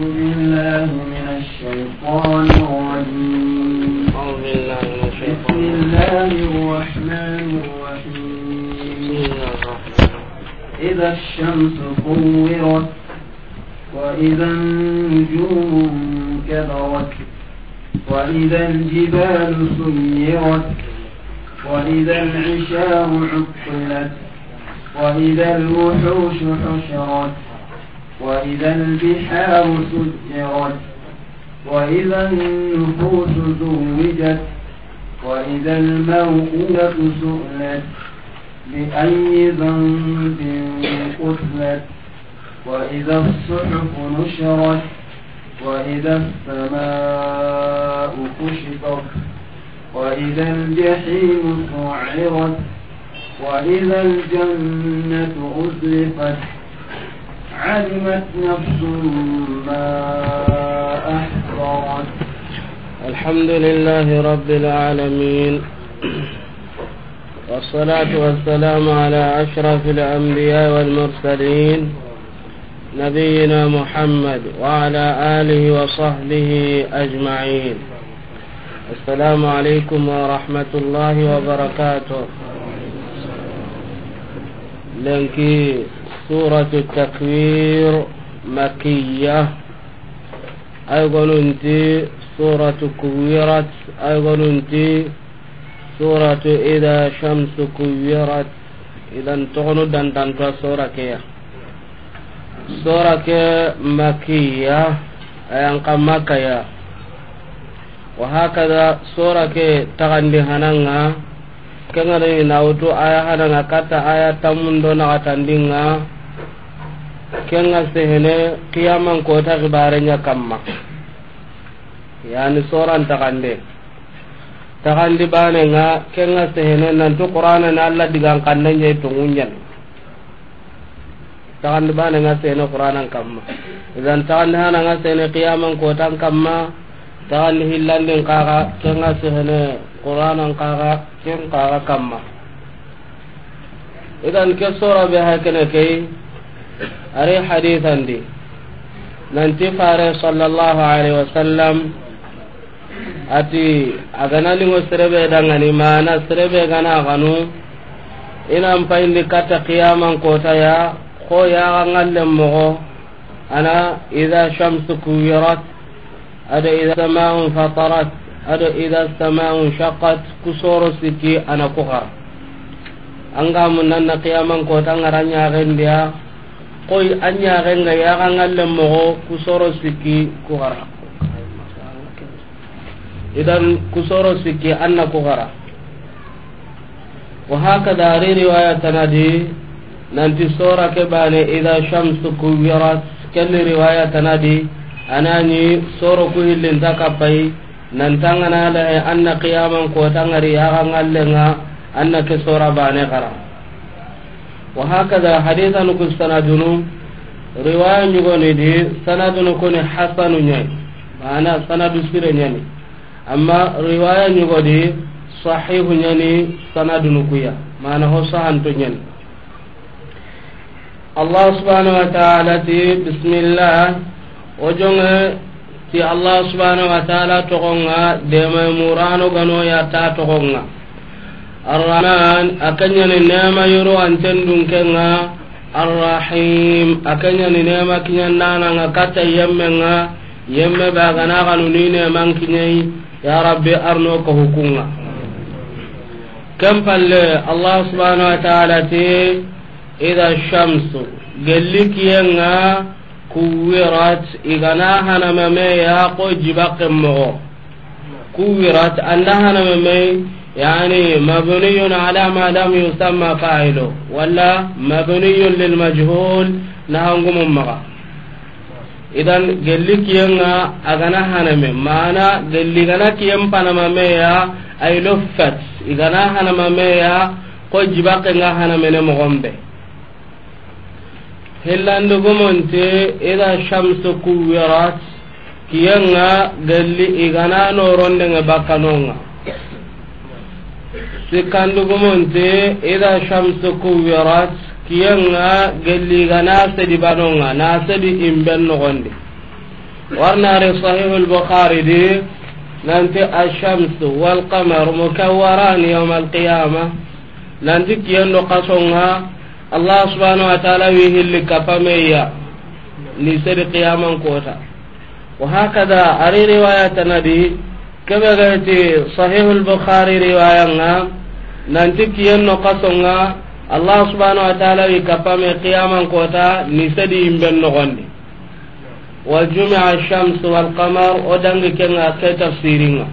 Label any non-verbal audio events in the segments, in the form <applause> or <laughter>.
بسم الله الرحمن الرحيم إذا الشمس كورت وإذا النجوم كدرت وإذا الجبال سيرت وإذا العشار عطلت وإذا الوحوش حشرت وإذا البحار سجرت وإذا النفوس زوجت وإذا الموءودة سئلت بأي ذنب قتلت وإذا الصحف نشرت وإذا السماء كشطت وإذا الجحيم سعرت وإذا الجنة أزلفت علمت نفس ما أحضرت الحمد لله رب العالمين والصلاة والسلام على أشرف الأنبياء والمرسلين نبينا محمد وعلى آله وصحبه أجمعين السلام عليكم ورحمة الله وبركاته لنكي سورة التكوير مكية أيقول أنت سورة كويرت أيقول أنت سورة إذا شمس كويرت إذا تغنو دندنتها سورة كيا سورة كي مكية أيان قم مكية وهكذا سورة كي تغني هنانا كنا نعود آية هنانا كتا آية تمندو نغتندينا kenga sehene qiyaman kota gibarenya kamma yani soran takande takandi bane nga kenga sehene nantu qur'ana na alla digan kannanya to ngunyan takandi bane nga sehene qur'ana kamma idan takandi hana nga sehene qiyaman kota kamma takandi hillandin kaga kenga sehene qur'ana kaka ken kaga kamma idan ke sora be hakene kee ari hadithandi nanti fare sallallahu alaihi wasallam ati agana lingo serebe dangani mana serebe gana ganu Ina payindi katta qiyaman kotaya ko ya yaxangallen moxo ana ida shamsu kuwirat ado ida samaun fatarat ado ida samaun shakat kusoro siki ana kuxar angamunanna qiyaman kota ngara ñaxendiya koy anyaxenga yaxangallen moxo kusoro sikki kuxara idan kusoro sikki an na kuxara wahakada tanadi nan ti sora ke bane ida shamsu kuwirat kelli tanadi anani soro ku hillinta kappayi nantanganalahe an na qiyaman kotangari yaxangallenga an na ke sora bane xara وهكذا حديث لكم سندن رواية نغني دي سندن كون حسن نيان معنى سند سير نيان أما رواية نغني صحيح نيان سندن كويا معنى هو صحن نيان الله سبحانه وتعالى بسم الله وجنه ti allah subhanahu wa ta'ala togonga dema murano gano ya ta togonga arrahman akanyani nema yoro anten dunkenga arrahim akanyani nema kinyandananga katta yemmenga yemme bagana kanuni neman ya rabbi arno ka hukunga kam allah subhanahu wa ta'ala te idha shamsu gelli kiyenga kuwirat igana hanamame ya ko jibaqe mogo kuwirat anda hanamame يعني مبني على ما لم يسمى فاعله ولا مبني للمجهول نهنكم مغا idan gelli nga agana haname maana gelli gana kiyen panamameya ay loffat igana hanamameya ko jibake nga hanamene mogonɓe hillandugumonte ida shamsu kuwirat nga gelli igana norondenga bakkanonga sikandugumonte ida shamsu kuwirat kiyenga gelliga nasedi banonga nasedi imben nogondi warnari sahihu lbukhari di nanti ashamsu walqamar mukawarani yauma alqiyama nanti kiyendo kasonga allah subhanahu wa taala wi hilli kapameya ni sedi qiyaman kota wahakada ari riwayatanadi kebegeti sahihu lbukhari riwayanga nanti kiyenno kasonga allah subhanahu wa taala wi kappame qiyaman kota ni sedi yimben nogondi waljumia shams walqamar o dangi kenga ke tafsiringa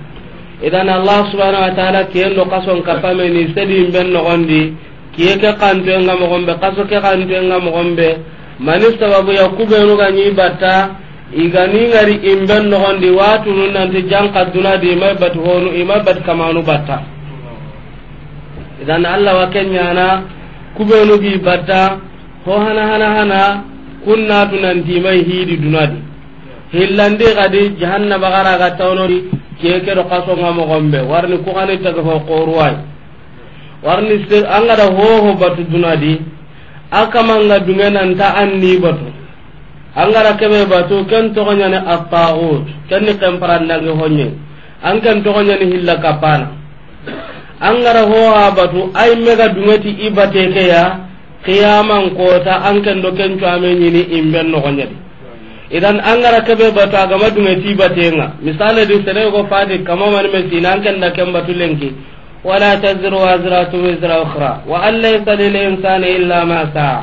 idan allah subhanahu wa taala kiyenno kason kappame ni sedi yimben nogondi kiye ke nga kantoenga mogonɓe kaso ke nga kantoenga mogonɓe mani sababu ya kubenuga ñi batta igani ngari imben nogondi watunu nanti jankaduna di imai bat honu imai bat kamanu bata. idan allah wa kenyana kubenu gi batta ho hana hana hana kunna tunanti mai hidi dunadi hillandi gadi jahannaba gara ga tawnori keke do kaso kasonga mogonɓe warni kugani taga fo koruwai warni angada hoho batu dunadi akama akamanga dunge nanta anni batu angara kebe batu ken togoñani attaut kenni kemparannange hoñe an ken togoñani hilla kappana angara ho batu ay mega dungeti ibate ke ya ko kota an kan do ken tuame nyini imben no idan angara kebe batu agama ti ibate nga misale di sere go fadi kama man me sinan kan da kan batu lenki wala taziru wazratu ukhra wa alla laysa lil insani illa ma sa'a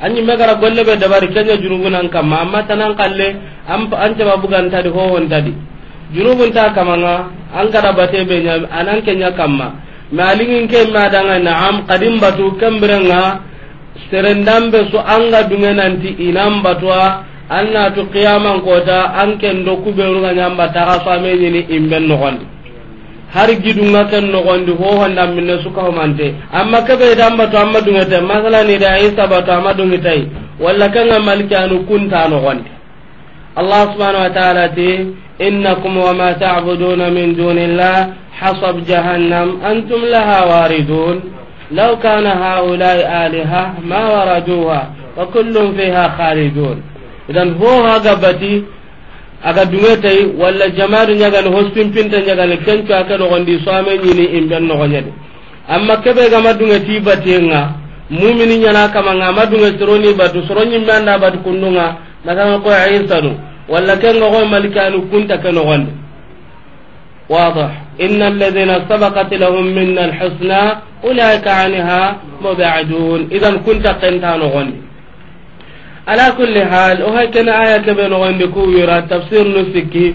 anyi megara golle be dabari kenya junubu nan amma tanan kalle an an jaba buganta di ho won tadi junubun ta kamanga an kada bate be nya anan kenya kamma malingin ke ma danga na'am qadim batu kambrenga be so anga nanti inam batwa anna tu qiyaman kota an ken do kuberu ga nyamba ta so me ni imben no gondi har gidunga ken no gondi ho min minne suka ho mante amma ka be dam batu amma ta masala ni da isa batu amma dungitai walla kan malika anu kunta no gondi allah subhanahu wa ta'ala te إنكم وما تعبدون من دون الله حصب جهنم أنتم لها واردون لو كان هؤلاء آلهة ما وردوها وكل فيها خالدون إذا هو هاقبتي aga dungetay walla jamaru ñagani hospimpinta ñagani kencu ake nogondi soame ñini imben nogoñadi amma keɓe gama dungeti batenga mumini ñana kamanga ama dunge soroni batu soro ñimmeanda batu kundunga nagama ko isa wala kenga koy malika anu kunta kano wande waadax inna alladhina sabaqat lahum minna alhusna ulaika anha mubaadun idan kunta qinta no wande ala kulli hal o hay kana ayata be no wande ku wira tafsir no sikki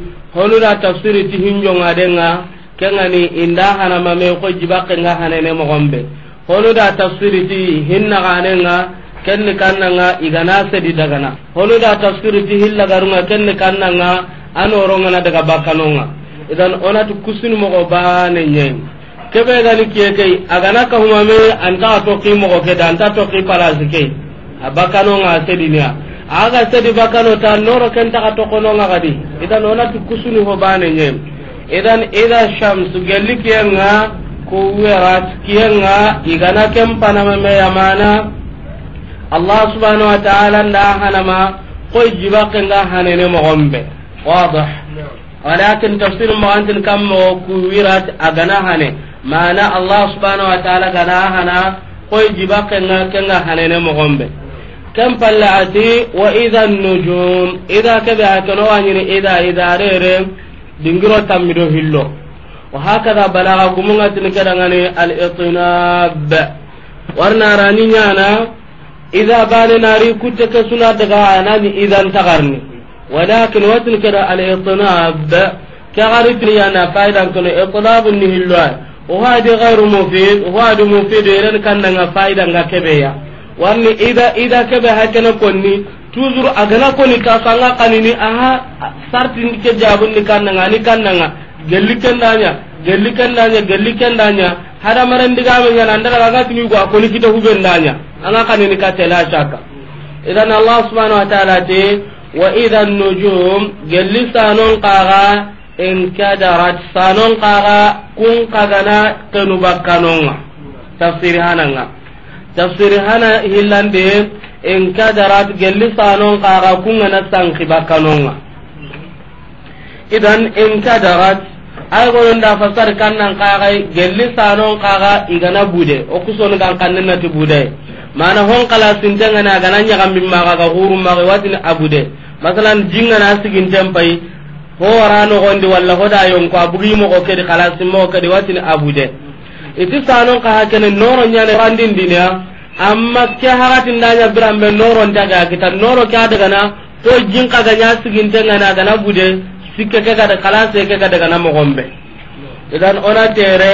da tafsir ti hinjo ngadenga kenga ni hana mame ko jibaqe nga hanene mo gombe holu da tafsir ti hinna kanna nga igana sedi dagana honu da tafsiri ti hilla garunga kenni kannanga anorongana daga bakkanonga idan onati kusini mogo bane nyen kebe gani kiyekei agana kahumame anta toki mogo keda anta toki parasi kei a bakkanonga sediniya aga sedi bakano ta noro ta ka kentaka tokononga gadi idan onati kusini ho bane nyen idan ida shams gelli kiyenga ko kiye nga igana kempana me yamana allah subhanahu wa ta'ala nda hanama koy jibake nga hanene mogonɓe wadah walakin tafsir agana hane mana allah subhanahu wa ta'ala gana hana koy jibake nga kenga hanene wa nujum rere dingiro hillo wa hakada balaga gumungatini kedangani al warna rani idha bane nari kutte ke suna daga anani idan tagarni walakin watin kada al itnab kagari triyana faidan kono itnabun ni hilwa o hadi ghairu mufid o hadi mufid eren kannanga faidan ga kebeya warni ida ida kebe hakene konni toujours agana koni ta sanga kanini aha sartin ke jabun ni kannanga ni kannanga gelli kendanya gelli kendanya gelli kendanya hada maran diga men yana ndara ga tinu go akoni kita huben danya anga kanini ka tela shaka idan allah subhanahu wa ta'ala wa idha an-nujum gelisanon qaga in sanon qaga kun kagana tafsir hananga tafsir hana in gelisanon qaga kun na idan in ay goyon da fasar kannan kaga gelli sanon kaga igana bude o kusoni kan na nati bude mana hon kala sintenga na ganan nya kam mimma kaga hurum ma watin abude masalan jinga na sigin tempai ho warano gondi walla hoda yon ko abugi mo ko kedi kala simmo kedi watin abude iti sanon kaga kenen noro nya ne randin dinya amma ke haratin da nya birambe noro ndaga kita noro ka daga na to jinka ga sigin tenga na gana bude sikke ke kada kala se ke kada kana mo gombe idan ona tere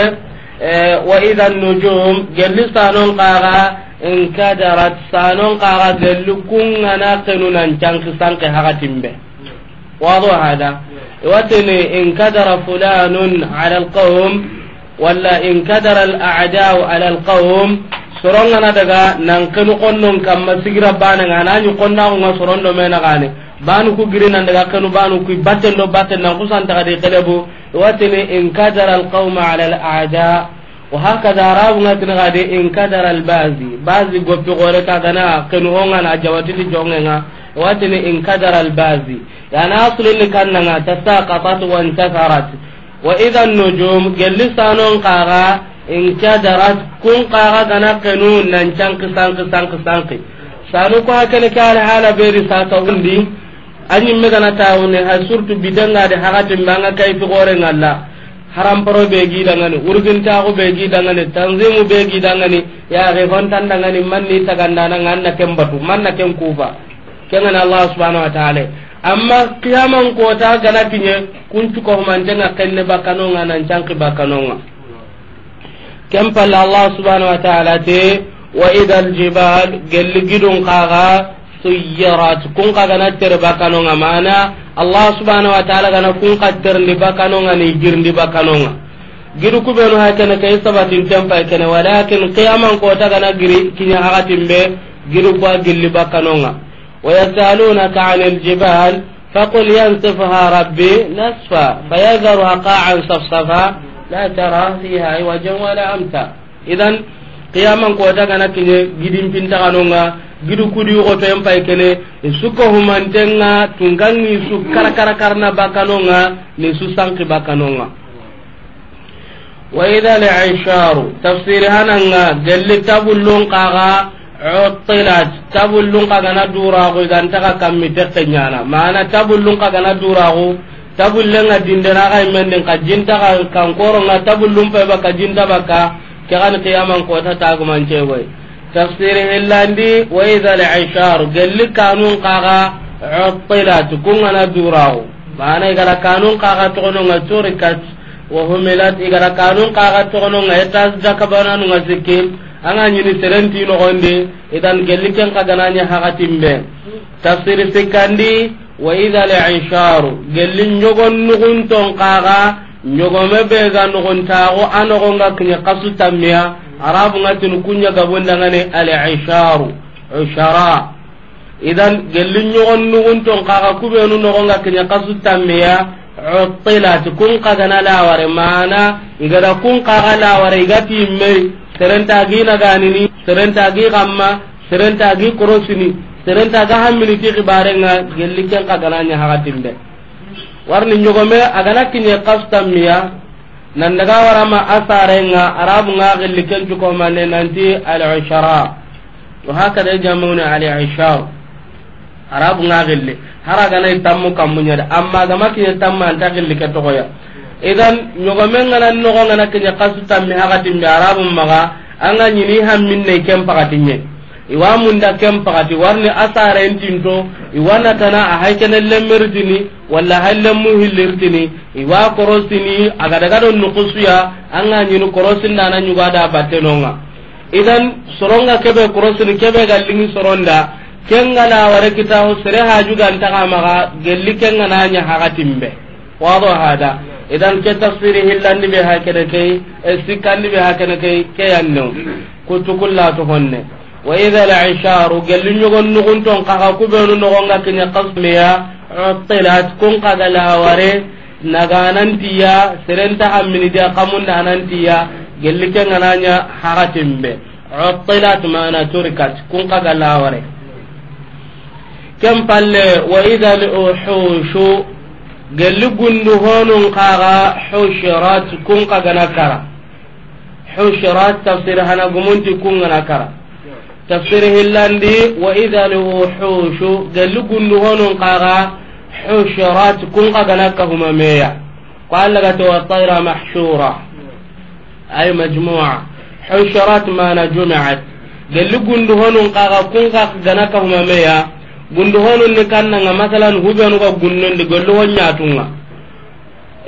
e, wa idan nujum gelli sanon kaga in kadarat sanon qaga gelli kungana kenunan canki sanke hakatimbe wado hada watini in kadara fulanun ala alqawm wala in kadara al'a'da'u ala alqawm gana daga nan kenu konnon kamma sigira bana ngana nyu soron do me na gane banu ku girina daga kanu banu ku batel do batel nan kusan ta kadi kelebu watini in kadara alqauma ala aada wa hakada rabu ngatin kadi in kadara al bazi gopi gore ka gana kanu onga na jawatini jongenga watini in kadara albazi yana ta kannanga tasaqatat wa intasarat wa idha an-nujum gelisanon qara in kadarat kun qara gana kanu nan canki sanki sanki sanki sanu ko hakene kale hala beri sata undi anyi me kana taune ha surtu bidanga de hagatin banga kai fi gore ngalla haram paro be gi ni urgin ta go be gi ni tanzimu be gi ni ya re hon tan ni manni taganda na nganna kembatu manna ken kufa kenan allah subhanahu wa ta'ala amma kiyaman ta gana kinye kun cuko mantenga kenne bakanonga nan canki bakanonga kem palla allah subhanahu wa ta'ala te wa idal jibal gelli gidun kaga sayyarat kun ka gana tere bakano mana allah subhanahu wa ta'ala gana kun ka tere ndi bakano nga ni girndi bakano nga giru ku benu ha kana kay sabatin tampa kana walakin qiyaman ko ta gana giri kinya hakatin be giru ba gilli bakano nga wa yasalunaka 'anil jibal faqul yansifha rabbi nasfa fayadharuha qa'an safsafa la tara fiha aywajan wala amta idan qiyaman ko ta gana kinye gidin pinta kanonga gidu kudi goto en pay kene isuko humantenga tungangi su karakara karna bakanonga ni su sanki bakanonga wa idha al-isharu tafsir hananga gelli tabullun qaga uttilat tabullun qaga na dura go ganta ka kammi tekkenyana mana tabullun qaga na dura go tabullenga dindana ga menden ka jinta ka kankoro nga tabullun pay baka jinta baka ke kan qiyamang ko ta tagumanche goy tafsir hillandi wa idha al-ishar galli kanun qaga utilat kungana durao mana igala kanun qaga togono nga turikat wa humilat igala kanun qaga togono nga etas jakabana nga zikim anga nyini serenti no gonde idan gelli ken kagananya hakatimbe tafsir sikandi wa idha al-ishar gelli nyogon nugun ton qaga nyogome be ga kasu arabu ngatin kunya gabonda ngane al isharu ishara idan gelli nyogon nugun ton kaga kubenu nogon ga kenya kasu tammiya utilat kun kaga na laware mana igada kun kaga laware igati mai serenta gi na ganini serenta gi kamma serenta gi korosini serenta ga hammini ti kibarenga gelli ken kaga na nya hagatimbe warni nyogome agana kinye kasu tammiya nan daga wara ma warama asarenga arabu nga gelli kencu ne nan nanti al ishara to haka da ne al ishar arabu nga gelli haraga nay tammu kamunya da amma ga makinya tamma anta gelli ka toya idan nyogomenga nan nogo ngana kenya kasu tammi haka timbe arabu maga anga nyini hammin ne kem pakatinya iwa munda ken pakati warni na iwanatana ahay kene lemmirtini walla hay lemmu hillirtini iwa korosini agadagado korosi anga ñini korosindana ñugada battenonga idan soronga kebe korosini kebe gallingi soronda kenga laware kitahu sere hajugantagamaga gelli kenga nanya hagatimbe wado hada idan ke tafsiri hillandi be hakene kei e sikkandi be hakene keeyaan keyannew kutukulla to honne wa idha al-isharu galli nyogon nugun ton kaga kubenu nogon ga kinya qasmiya kun kaga laware naganantiya serenta hammini dia kamunda anantiya gelli kengananya hagatimbe utilat mana turikat kun kaga laware kem palle wa idha al-uhushu gelli gundu honun kaga hushirat kun kaga nakara hushirat tafsir hana kun kaga nakara tafsir hillandi wa idha luhushu galli gundu honon qaga hushurat kun ka nakahuma meya qala ga to tayra mahshura ay majmu'a hushurat mana jum'at galli gundu honon qaga kun qaga nakahuma meya gundu honon ni kannanga masalan hubenu ga gunnondi gollo wonyatunga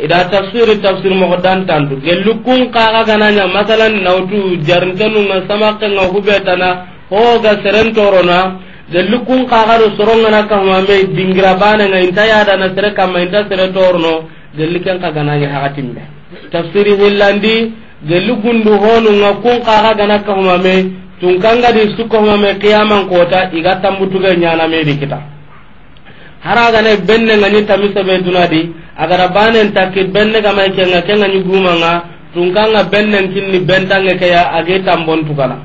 ida tafsir tafsir mo dan kun gelukun kaga gananya masalan nautu jarntanu sama samakenga hubetana hoga seren torona gelli kun kagado me dingra dingira banenga inta na sere kamma inta sere torno gelli ya kaganani da tafsiri hillandi gelli gundu nga kun kaga gana kahumame tunkangadi sukkahumame qiyaman kota iga tambutuge ñanamedi kita haragana bennenga ni be dunadi agara banen takki benne gamay kenga kenga ñugumanga tunkanga benne kinni bentange keya age tambon tugana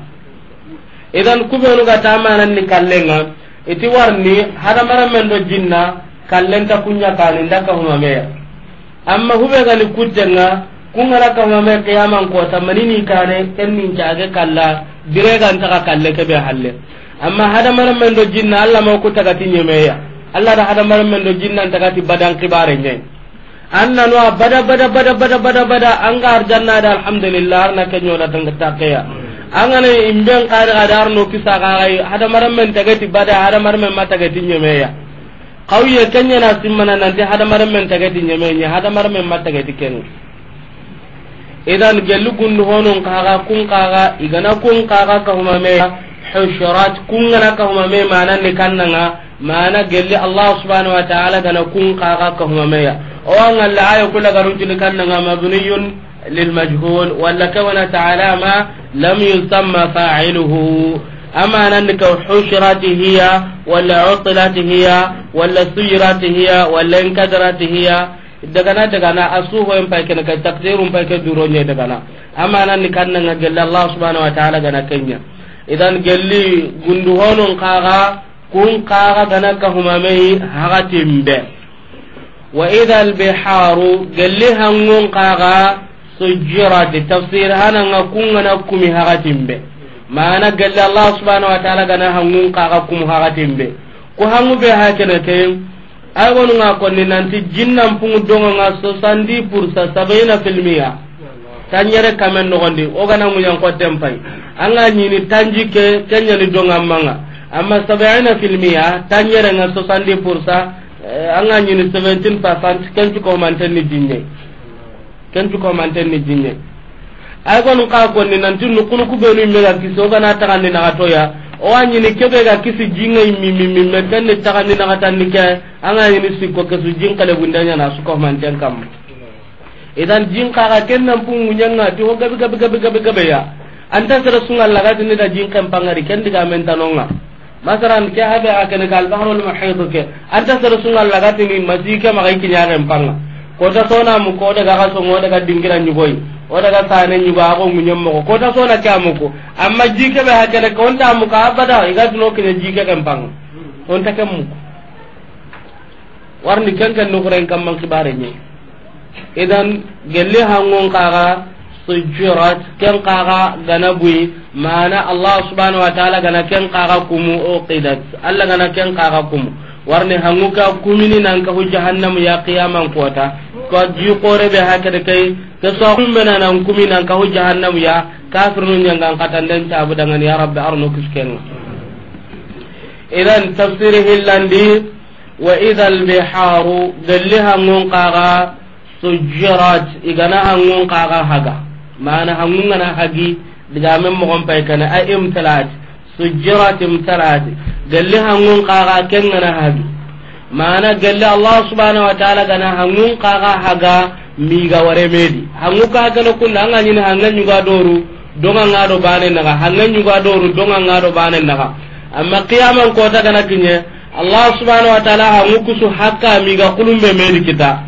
idan kubenu ga tamanan ni kallenga iti warni hada maramen do jinna kallen ta kunya kalin da ka huma meya amma hube ga ni kujjenga kungara ka huma me qiyaman ko ta manini kane kennin jage kalla direga ntaka kalle ke be halle amma hada maramen do jinna alla ma ko taga tinye meya alla da hada maramen do jinna taga ti badan kibare nyen anna no bada bada bada bada bada bada angar janna da alhamdulillah arna kenyo da tangata kaya angane imben qari qadar no kisa qari hada maram men tagati bada hada maram men mata tagati ya qawiya kanya na simmana nanti hada maram men tagati nyemeya hada maram men mata tagati kenga idan gelu gundu honon kaga kun kaga igana kun kaga ka huma me hushurat kun gana ka huma me mana ne kannanga mana gelli allah subhanahu wa ta'ala gana kun kaga ka huma me o an alla ayo kula garuntu kannanga mabniyun للمجهول ولا كون تعالى ما لم يسمى فاعله أما أنك حشرت هي ولا عطلت هي ولا سيرت هي ولا انكدرت هي dagana dagana asuho en pay kene ka takdirum pay ke duro nye dagana amma nan Allah subhanahu wa ta'ala gana kenya idan gelli gundu honon kaga kun kaga gana ka timbe wa biharu gelli hangon kaga sujirati tafsir hananga kungana kumi hakatimbe mana galle allah subhanahu wa ta'ala gana hangun kaga kum hakatimbe ko hangu be hakene ke ay wonu ko ni nanti jinnam pungu donga nga 70 pour 70 filmiya tanyere kamen nogondi ogana muñan kotten pay anga ñini tanji ke ni dongan manga amma 70 filmiya tanyere nga 70 pour 100 anga ñini 17 percent kencukomantenni jinñei ken kencu komantenni jinye ay gonu ka ku nanti ku kubenu imme ga kisi ogana tagandi nagatoya owa ñini kebe ga kisi me jingai ni kenni tagandi ni ke an anga ñini sikko kesu ko bundañana sukomanten kamma idan jin jinkaga ken nan punguñanga ti ho gabi gabi gabi gabi gabe ya anta sera sunga lagatini da jinken pangari ken diga mentanonga masalan ke habe akene ka albahrul muhit ke anta sera sunga ma masike magai kiñaren panga kota sona mu ko daga ga songo daga dingira nyugoi o daga sane nyuga ko munyam mo kota sona kya mu ko amma jike be ha kala ko ta mu ka abada iga tuno kene jike kan bang on ta kan mu warni kan kan no kuren kan man kibare ni idan gelle hangon kaga sujurat kan kaga gana bui mana allah subhanahu wa ta'ala gana ka kaga kumu o qidat allah gana ka kaga kumu warne hanguka kumini nan ka hujja hannamu ya qiyamam kota to ji kore be hakede kai ke so kumbena nan kumi nan ka hujja hannamu ya kafir nun nyanga katan den ta bu dangan ya rabbi arnu kisken idan tafsir hillandi wa idal biharu dalliha mun qara sujjarat igana hangun qara haga mana hangun na hagi diga men mo gon kana ay imtalat sujjarat imtalat dalliha mun qara ken na hagi mana gelle allah subhanahu wa ta'ala gana hangun kaga haga miga ware medi hangu ka no kunna anga nyina hanga nyuga doru donga ngado bane naga hanga nyuga doru donga ngado bane naga amma qiyamam ko ta gana kinye allah subhanahu wa ta'ala hangu kusu hakka miga kulumbe medi kita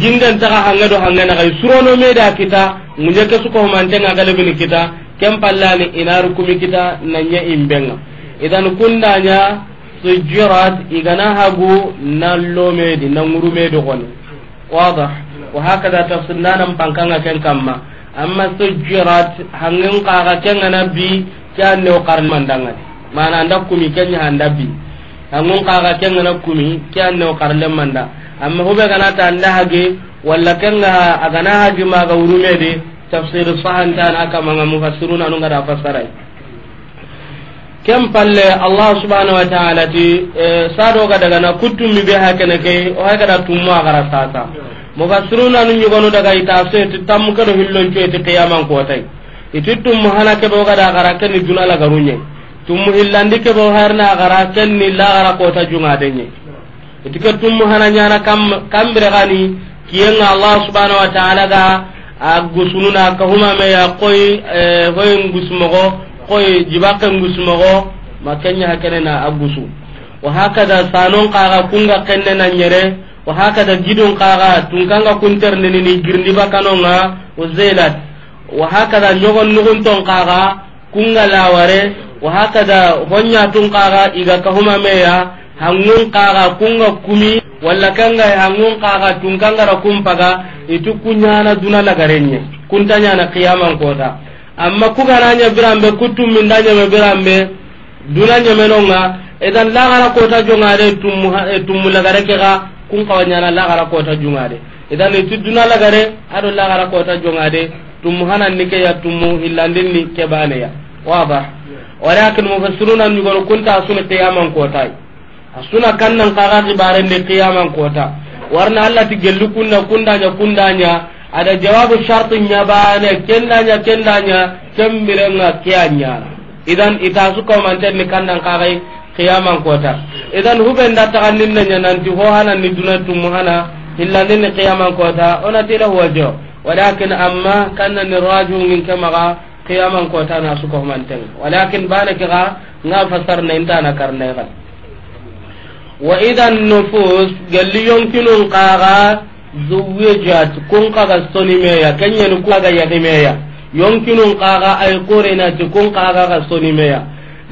jingan ta hanga do hanga naga surono meda kita munye kasu ko mantenga galibini kita kem pallani inaru kumi kita nanya imbenga idan kundanya sujjirat igana hagu nallomedi nangurumedi goni wadah wahakada tafsir nanan pankanga ken kamma amma sujjirat hangin kaga kengana bi kyanne o karni mandangani mana anda kumi kenya handa bi hangin kaga kengana kumi kyanne o karle manda amma hube gana ta anda hage walla kenga agana hage maga urumedi tafsir sahan tan aka manga mufassiruna nunga da fasarai kem palle allah subhanahu wa ta'ala ti e, sado ga daga na kutum bi hakene ke o ha ga tummo agara sasa mufassiruna nu nyugonu daga ita se ti tammu kado hillon ce ti qiyaman ko tai iti tummo hana ke bo ga da agara ken ni dunala garunye tummo hillandi ke bo harna agara ken ni la agara ko ta junga denye iti ke tummo hana nyana kam kambere gani kiyenga allah subhanahu wa ta'ala ga a gusununa ka huma me ya koy hoy e, ngusumogo koy jibake ngusmogo makenya hakene na agusu wa hakada sanon kaga kunga kenne na nyere wa hakada gidon kaga tunkanga nene ni girndi bakanonga zelat wa hakada nyogon nugun ton kaga kunga laware wa hakada honya tun kaga iga kahuma meya hangun kaga kunga kumi walla kanga hangun kaga tunkanga ra kumpaga itu kunyana duna lagarenye kuntanya na kiyaman kota amma kugananya biranɓe kuttumminda ñeme biranɓe duna ñemenonga edan lagara kota jongade tummu eh, lagare kega kun kawañana lagara kota jungade edan iti duna lagare aɗo lagara kota de ya tummu hananni keya tummu hillandinni ya. waba walakin mufassiruna ñugoro kunta asuni qiyaman kotay asuna kannan kaga kibarende qiyaman kota warna allah ti gelli kunna kundaña kundaña ada jawabu sharti nyabane kendanya kendanya kemmirenga kiyanya idan ita su ko manten ni kandang kagai qiyaman kota idan huben datakan ninna nya nan nanti ho hana ni dunatu muhana illa ni qiyaman kota ona tira wajo walakin amma kanna ni raju min kama ga kota na su ko manten walakin bana kiga na fasar na inta na karne ga wa idan nufus galiyon kinun qaga zuwijat kun kaga soni meya kenyani kaga yaki meya yonkinun kaga ay korenati kun kaga ga soni meya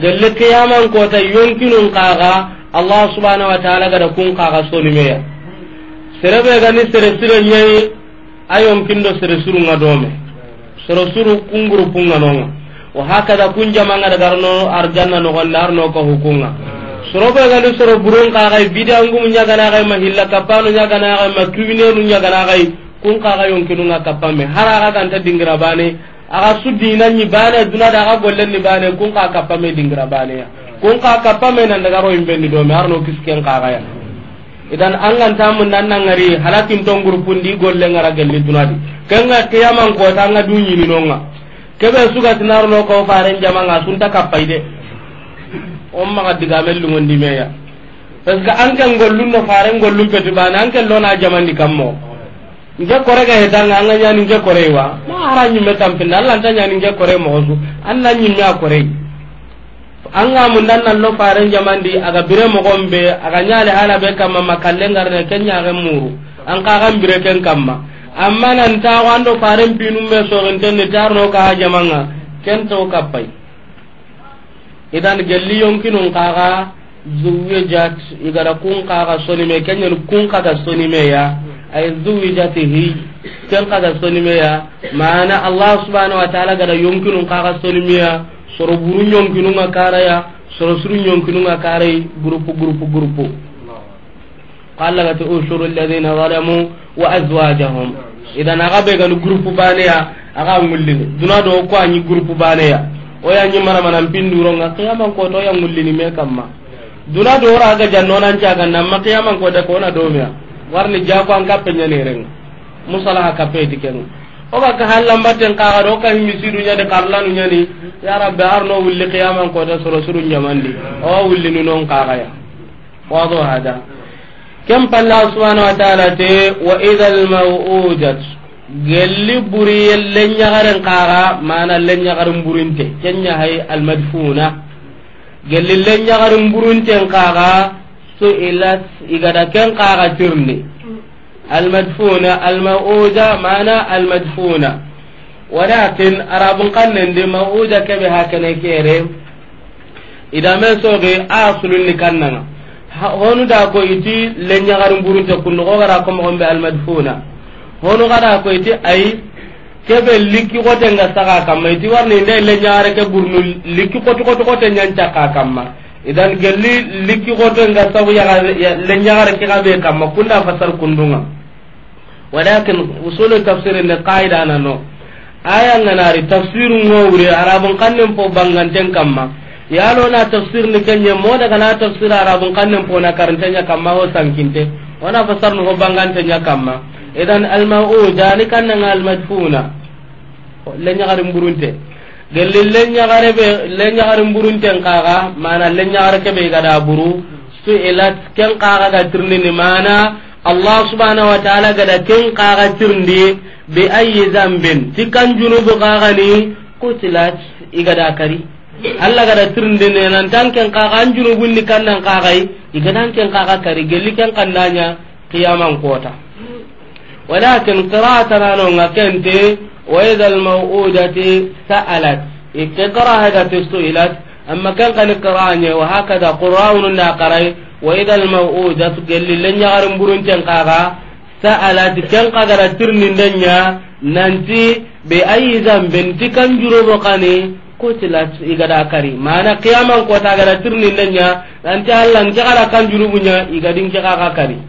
dalle kiyaman kota yonkinun kaga allah subhanahu wa ta'ala ga kun kaga soni meya serebe ni sere sire nyai ayon kindo sere suru ngadome sere suru kunguru punga nonga wa hakada kun manga daga no arjanna no gollar no ko hukunga sorobe galu soro burun ka ga bidangu munya gana ga mahilla kapano nya gana ga matubine nu nya gana ga kun ka ga yonkinu na kapame haraga kan ta dingira bane aga su dina ni bane duna da aga gollen ni bane kun ka kapame dingira bane ya kun ka kapame nan daga ro imbe ni do me arno kisken ka ga ya idan an kan ta mun nan ngari halatin ton gurupun di gollen ngara gelli duna di kanga kiyaman ko ta nga dunyi ni nonga kebe suga tinarno ko faren jamanga sunta de. on maga digame lungondi meya parce que an ken gollun do faren gollun peti bana an ken lona jamandi kammo nke korega hetanga ni ñani kore korewa ma ara ñimme tampinde allanta ni nke kore su an na ñimme a korey anga mundan nan lo faren jamandi aga bire mogon be aga ñale hala be kamma ma kalle ngarne ken ñaken muru an ka kaxan bire ken kamma amma nantaxo an do faren pinum be soxintenne tarno kaha jamanga ken to kapai. idan gelli yonkinun kaga zuwijat igara kun kaga sonime kenyen kun kaga sonime ya ay zuwijatihi ken kaga sonime ya mana allah subhanahu wa ta'ala gara yonkinun kaga sonime ya soro buru yonkinun ka kara ya soro suru yonkinun ka kara grupu grupu grupu قال لك أشر الذين ظلموا وأزواجهم إذا أغبى قالوا جروب بانيا أغبى ملين دون هذا هو أني جروب بانيا oya ni mara mana pindu ronga qiyamam ko to yang mulli ni me kamma duna do ora ga janno nan ja ga namma qiyamam ko da ko na do miya warni jago an ka penya ne reng musalaha ha ka peti ken o ba ka halam baten ka ga do ka mi sidu nya de karlanu nya ni ya rabbi arno wulli qiyamam ko da suru suru nyamandi o wulli ni non ka ga ya wado hada wa ta'ala te wa idhal maw'ujat gelli buri yelle nyagaren kaga mana le nyagaren burinte kenya hay almadfuna gelli le nyagaren burinte kaga su ilat igada ken kaga tirni almadfuna almauja mana almadfuna walakin arabun kannende mauja kebe hakene kere idame soge asulunni kannanga honu da ko iti le nyagaren burinte kunno gara ko mo honu kada ko iti ay kebe likki kote nga saka kama iti warni nda ile nyaare ke burnu likki kote kote kote nyanta ka kama idan gelli likki kote nga sabu ya le nyaare ke kabe kamma kunda fasar kundunga walakin usulul tafsir ne qaida nano aya nganari tafsir ngowre arabun kannen po banganten kama yalo na tafsir ni kenye mo daga na tafsir arabun kannen po na karantenya kamma ho sankinte wana fasar no bangantenya kama. idan kan nan almajfuna lenya garin burunte lenya gare be garin burunte kaga mana ke be gada buru su ila ken kaga ga tirnini mana allah subhanahu wa ta'ala gada ken kaga turndi bi ayi zambin tikan junubu kaga ni kutilat igada kari allah gada turndi ne nan tan ken kaga an junubun ni nan kaga igada ken kaga kari gelli ken kannanya qiyamam kota walakin qira'atana no ngakente wa idha al-maw'udati sa'alat ikqara hada tusuilat amma kan kan qira'ani wa hakada qura'un na qarai wa idha al-maw'udatu gallillan yagarin burun tan qaga sa'alat kan qagara tirnin danya nanti be ayi zambin tikan juro bokani kotila igada kari mana qiyaman kota gara tirnin danya nanti allan jagara kan juru bunya igadin jaga kari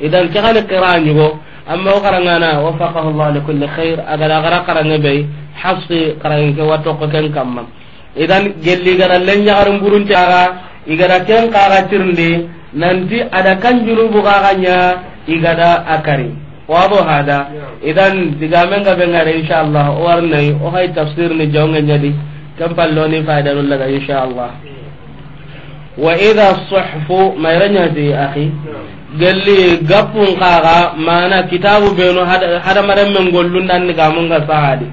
idan jaga ne qira'ani go amma o karangana wafaqahu allah li kulli khair agara gara karange be hasi karange ke wato ko ken kamma idan gelli gara len yagarum burun taga igara ken kaga tirnde nanti ada kan junubu kaganya igada akari wado hada idan digamen ga bengare inshallah o warnai o hay tafsir ni jonga nyadi kam palloni faida lullaga inshallah hmm. wa idha as-suhfu mayranya di akhi hmm. gelli gappun kaga mana kitabu beno hadamaren men gollun gamun ga sahadi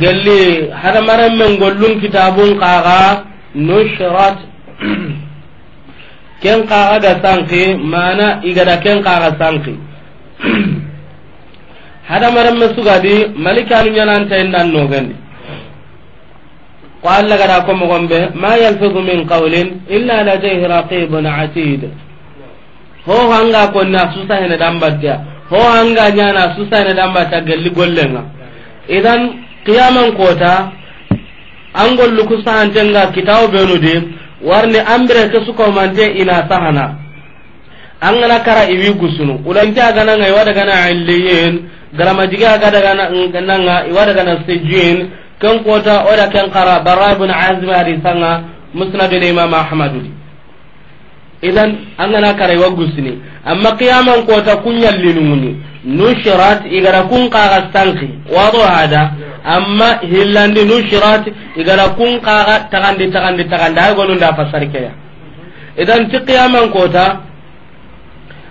gelli hadamaren men gollun kitabun kaga nushrat ken kaga da sanki mana igada ken kaga sanki hadamaren me di malikanu ñanantain dan no gandi qalla gada ko gombe ma yalfidu min qawlin illa ladayhi raqibun atid ho hanga na susa hene dambatya ho hanga nya na susa hene galli gelli gollenga idan qiyaman kota an gollu ku sahantenga kitawo benu de warne ambre ke suko mante ina sahana an gana kara iwi gusunu ulanke agana nga iwa daga na illiyin garamajiga aga daga nga iwa daga na sijin kan kota oda kan kara bara ibn azmi musnad musnadul imam ahmadu idan an gana wa gusini amma qiyaman kota kunyallinuguni nushirat igara kun kaga stanki wado hada amma hillandi nushirat igara kun kaga tagandi tagandi tagandi ay gonun da fasarkeya idan ti qiyaman kota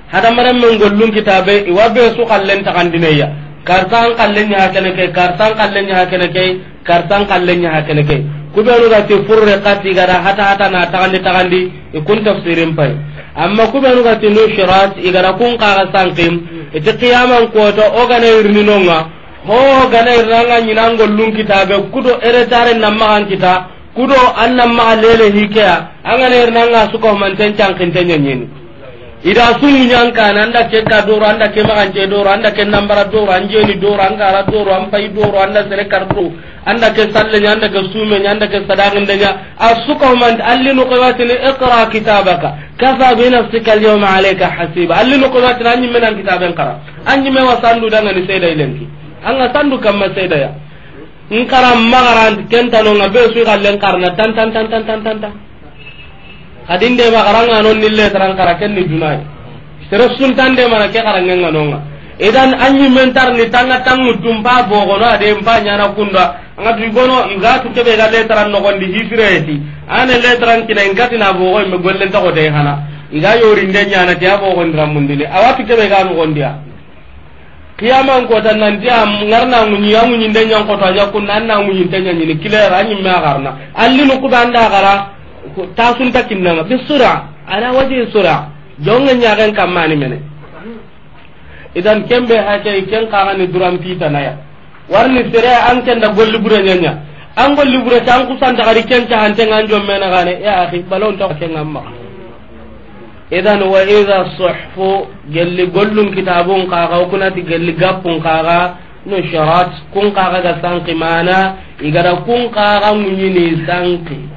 hada maran men gollun kitabe iwa be su kallen tagandineya kartan kallen ya hakene ke kartan kallen ya hakene ke kartan kallen ya hakene ke kubenu gati furriqat igada hata hata na tagandi tagandi ikun tafsirin pai amma kubenu gati nushirat igada kun kaga sankim iti qiyaman koto ogana irninonga ho gana irnanga ñinangollun kitabe kudo eretare nammagan kita kudo an lele hikeya angana irnanga sukahumanten cankinteñañeni ida sunyi nyankana anda ke ka doro anda ke maganje doro anda ke nambara doro anje ni doro anga ra doro ampai doro anda sere do anda ke salle nya anda ke sume anda ke sadaqin a nya asuka man allinu qawatini iqra kitabaka kafa bi nafsika al yawma alayka hasiba allinu qawatini anyi menan kitaben qara anyi me wasandu danga ni seda ilenki anga sandu kamma seda ya nkara magaran kentano ngabe su galen karna tan tan tan tan tan tan kadin de ba karanga non nille tarang karaken ni dunai sere sultan de mana ke karanga nganonga idan anyi mentar ni tanga tangu tumpa bogono ade mpa nyana kunda anga tu gono iga tu kebe ga le tarang no gondi hisireti ane le tarang kina ingati na bogo me golle ta ko de hana iga yori nde nyana tiya bogo ndram mundile awatu kebe ga no gondia kiyaman ko tan nan dia ngarna munyi amunyi nde nyang ko yakun aja kunna nan munyi tanya ni kilera anyi ma garna alli no kubanda gara ta sunta kinnanga bisura ala waji sura jonga nyagen kamani mene idan kembe hake ken kagani duram pita warni sere an kenda golli bure nyanya an golli bure ta an kusan ken ta hante ngan jomme na akhi wa gelli gollun gelli sharat kun ga sanki mana igara kun kaga sanki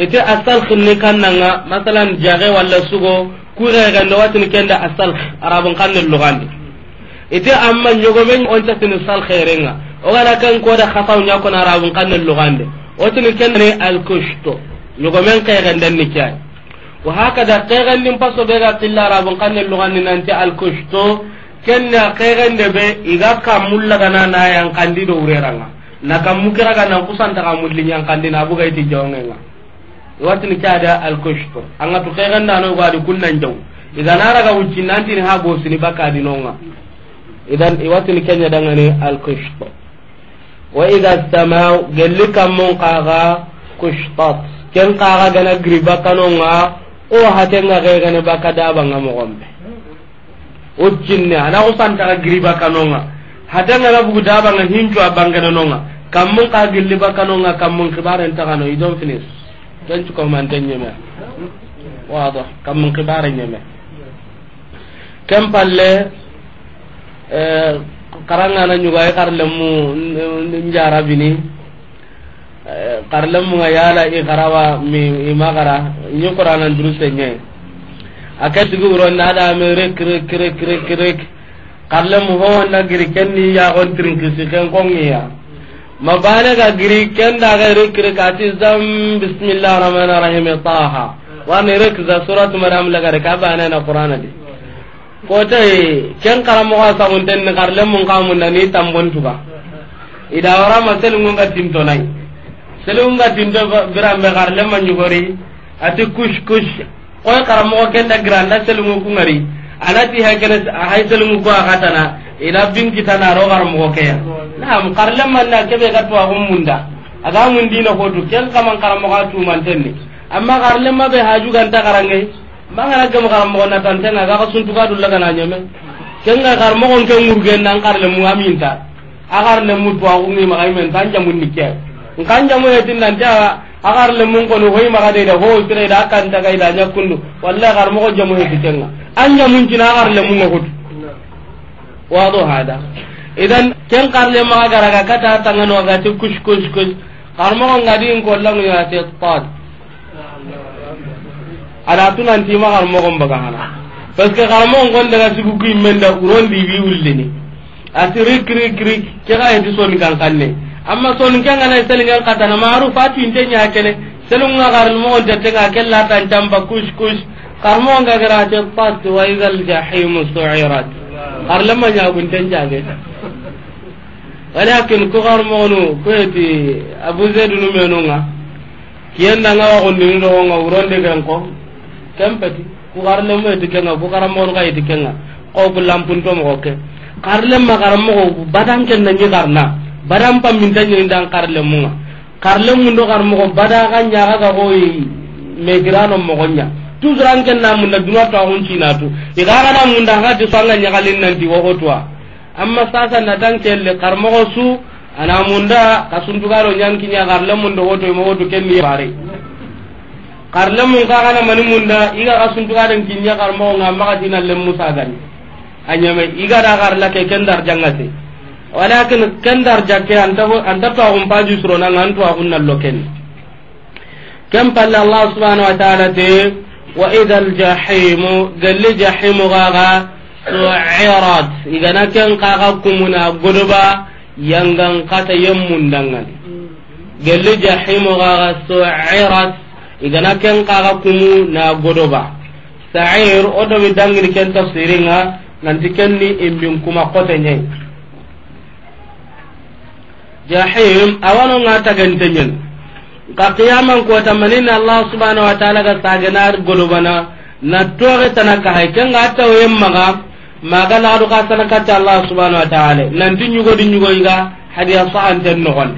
ite asalkh ni kannanga masalan jage wala sugo kuxeexende watini kende asalkh arabun kanni lugandi ite amma ñogomen ontatini salkherenga ogana ken koda xataw ñakon arabun kanni lugande otini kendeni alkushto ñogomen xeexenden ni cay wa hakada xeexendin paso ɓega qilla arabun kanni lugandi nanti alkushto kenna xeexende ɓe iga kammullagana na yankandi do wureranga na kammukiraga nan kusantaka mulli ñankandina abugayti jawngenga watini kada al kushtu anga to kay ganda no wadi kunnan jaw idan raga wujin nan ni ha go sini baka di nonga idan watini kenya ni al kushtu wa idha samaa gelika mun qaga kushtat ken qaga gana griba kanonga o hatenga ga ne baka da banga mo gombe ujinne ana ga griba kanonga hatanga na bugu da banga hinjo abanga nonga kamun ka gilli baka nonga kamun kibaren tagano idon finish ko man humante ñeme wado kam mun kibare ñeme ken palle eh, karangana ñugayi kar lemu njarabini eh, kar lemunga yala i karawa mi ima kara ñi quranan duruse ñe a ke tigi wuronna adame rek rek rek rek rek kar lemu howonna giri ken ni yaxon trinkisi ken kongiya mabane ga giri kenda ga rikri kati zam bismillah rahman rahim taha wani rikza suratu maryam laga rika bana na qur'ana di ko tay ken karamo ga samun ten ne karle mun ka mun ni tambon tuba ida wara masel mun ga tinto nai selun ga tinto biram be karle man yugori ati kush kush ko karamo ga kenda granda selun ku ngari anati hakene hay selun ku katana. ila bin kita na ro gar ko ke na am karle man na kebe ga to agum munda aga mun dina ko to ken kaman karam ga tu man tenni amma karle ma be haju gan ta karange mangara gam karam mo na tan tenna aga sun tu ga dulla na nyame ken ga gar ko kon ken murgen nan karle mu aminta agar le mu to agum ni ma ga men tan jamun ni ke kan jamu tin nan ta agar le mun ko no hoy ma ga de da ho tre da kan ta ga da nyakundu wallahi gar ko jamu hetin an jamun jina agar le mun ko wado hada idan ken karle ma gara ga kata tangano ga ti kush kush kush karmo ngadi in kollam ya ti tad ala tunan ti ma karmo gon baga hala. parce que karmo gon daga ku sigu ki menda uron di bi ullini asiri rik kri ke ga hedi so ni kan kanne amma so ni kan ana selin kan kata na maru fatu inte nya kene selun ga karmo de te ga kella tan tamba kush kush karmo ga gara ti tad wa idal jahim su'irat arlama ñagunten jage walakin ku xarmonu kueti abu zedunu menunga kiyendanga waxundini ɗoxonga wuronde ken ko kempeti ku xarlemu eti kenga ku xaramonu xa eti kenga xoogu lampuntomoxo ke xarlema xaramoxo badan ken nañi xarna badan pamminta ñinindan xarlemunga xarlemundo xarmoxo bada xa ñaxaga xooyi megirano moxoña toujours an kenna munda duna to hun cina tu igara na munda ha di sanga nyagalin nan di woho tuwa amma sasa na dan kelle karmo su ana munda kasuntu garo nyanki nya garle munda woto mo woto kenni bare karle mun ka kana mani munda iga kasuntu garo kinya karmo nga maka dina lem musa gani anyame iga da garla ke kendar jangate walakin kendar jakke anta anta to hum paju suro nan antu ahunna lokeni kam palla allah subhanahu wa ta'ala te waidan gali jaximogaga soo ceraa igana kenkaka kumu na goddo ba ya ngankata ya mun dangal gali jaximogaga soo ceraa igana kenkaka kumu na goddo ba sacir o dawi dangin kenta tafasirin nan ta kuma kotanyan jaxin awa nuka taga ka qiyaman kota manina allah subhanahu wa ta'ala ga sagana golobana na toge tanaka hay kan ga ta oyen maga maga la do ka tanaka ta allah subhanahu wa ta'ala nan tin yugo din yugo inga hadiya sa'an tan nohon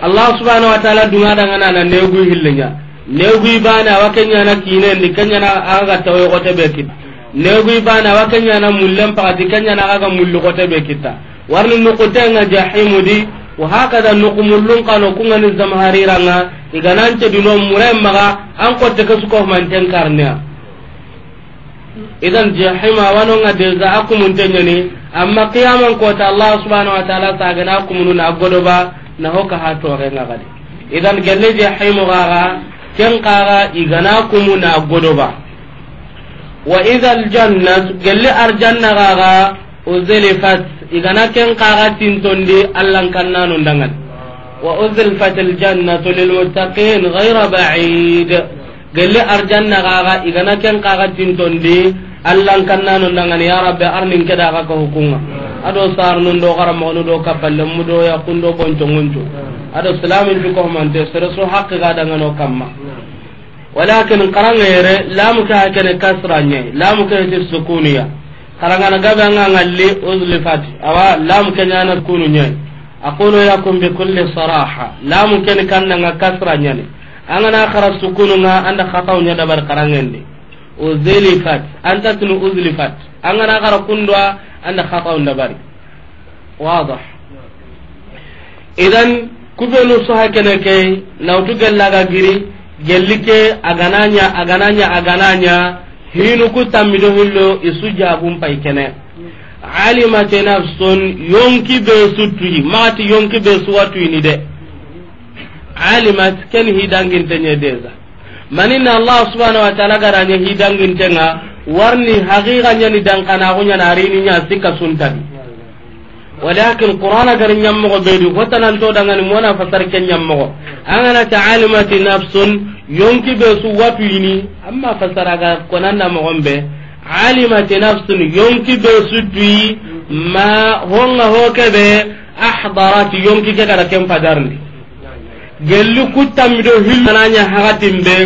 allah subhanahu wa ta'ala dunga da ngana na negu hillenya negu bana wa kenya na kine ni kenya na aga ta oyo kota be kit negu bana wa kenya na mullen pakati kenya na aga mullu kota be kitta warni nukutenga jahimudi wa hakada nukumulun kano kungani zamhariranga iganance dino muren maga an kotte ke suko manten karnea idan jahima wanonga deja akumuntenyani amma qiyaman kota allah subhanahu wa taala sagana akumununa agodoba nahoka ha torenga gadi idan gelle jahimu gaga ken kaga igana kumuna agodoba wa idha aljannat gelle arjanna gaga uzlifat igana ken kaga tintondi allan kannanu dangan wa uzlfat aljannatu lilmuttaqin ghayra ba'id gelle arjanna kaga igana ken kaga tintondi allan kannanu dangan ya rabbi arnin keda ka ko hukunga ado nun do garamonu do kapalle mu do yakundo bonco nguncu ado salamin fi ko mante sere so haqqi ga dangano kamma walakin qaranga yere lamu ka hakene kasranye lamu ka hiti sukuniya karangana gabe li ngalli uzlifat awa lam kenya na kunu nyani aqulu yakum bi kulli saraha lam ken kanna nga kasra nyani angana na khara sukunu nga anda khataw nya dabar karangendi uzlifat anta tunu uzlifat anga na khara kundwa anda khataw dabar wadah idan kubenu saha kene ke nautu gella giri gelike agananya agananya agananya agananya hinu ku tammido hillo isu jabun pay kene alima nafsun yonki be tuyi maati yonki be suwatuyini de alimat ken hidangintenye desa maninna allah subhanahu wa taala garanye hidangintenga warni haqiqa ñani dankanaxuñana arini ña sikka suntadi walakin qur'ana gari ñammoxo ɓeedi fotanantodangani mona fasar ke ñammoxo anganata alimati nafsun yonki be su watu ini amma fasara ga konanda mogombe alimati nafsun yonki be su tuyi ma honga hokebe ahdarat yonki ke kada kem padarni gelli kuttamido hillananya hagatimbe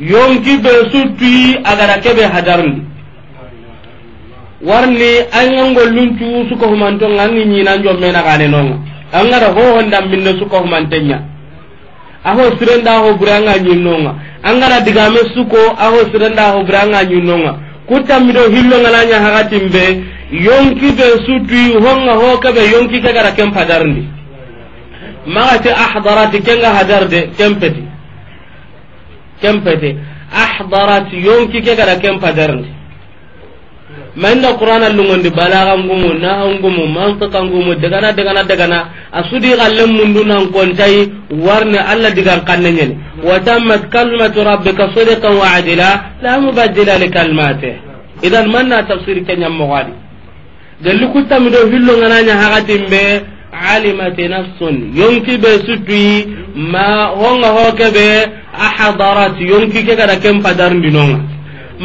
yonki be su tuyi agada kebe hadarni warni an yangollun cuwu suka humantonga an ni ñinan jommena gane nonga an gada hohon dambinne suka humantenya aho sirenda ho buranga nyinonga angara digame suko aho sirenda ho buranga nyinonga kutamido hillo ngalanya hagatimbe yonki be honga ho kabe yonki magati ahdarati kenga hadarde kempeti kempeti ahdarati yonki manda qur'ana lungondi balaga ngumu na ngumu mantaka ngumu dagana dagana dagana asudi galle mundu nan kontai warne alla digan kannenyen wa tammat kalimatu rabbika sidqan wa adila la mubaddila li kalimati idan manna tafsir kenya da galli kutami do hillo ngananya hagatimbe alimat nafsun yonki be sutui ma honga hokebe ahadarat yonki ke kada kem padarndinonga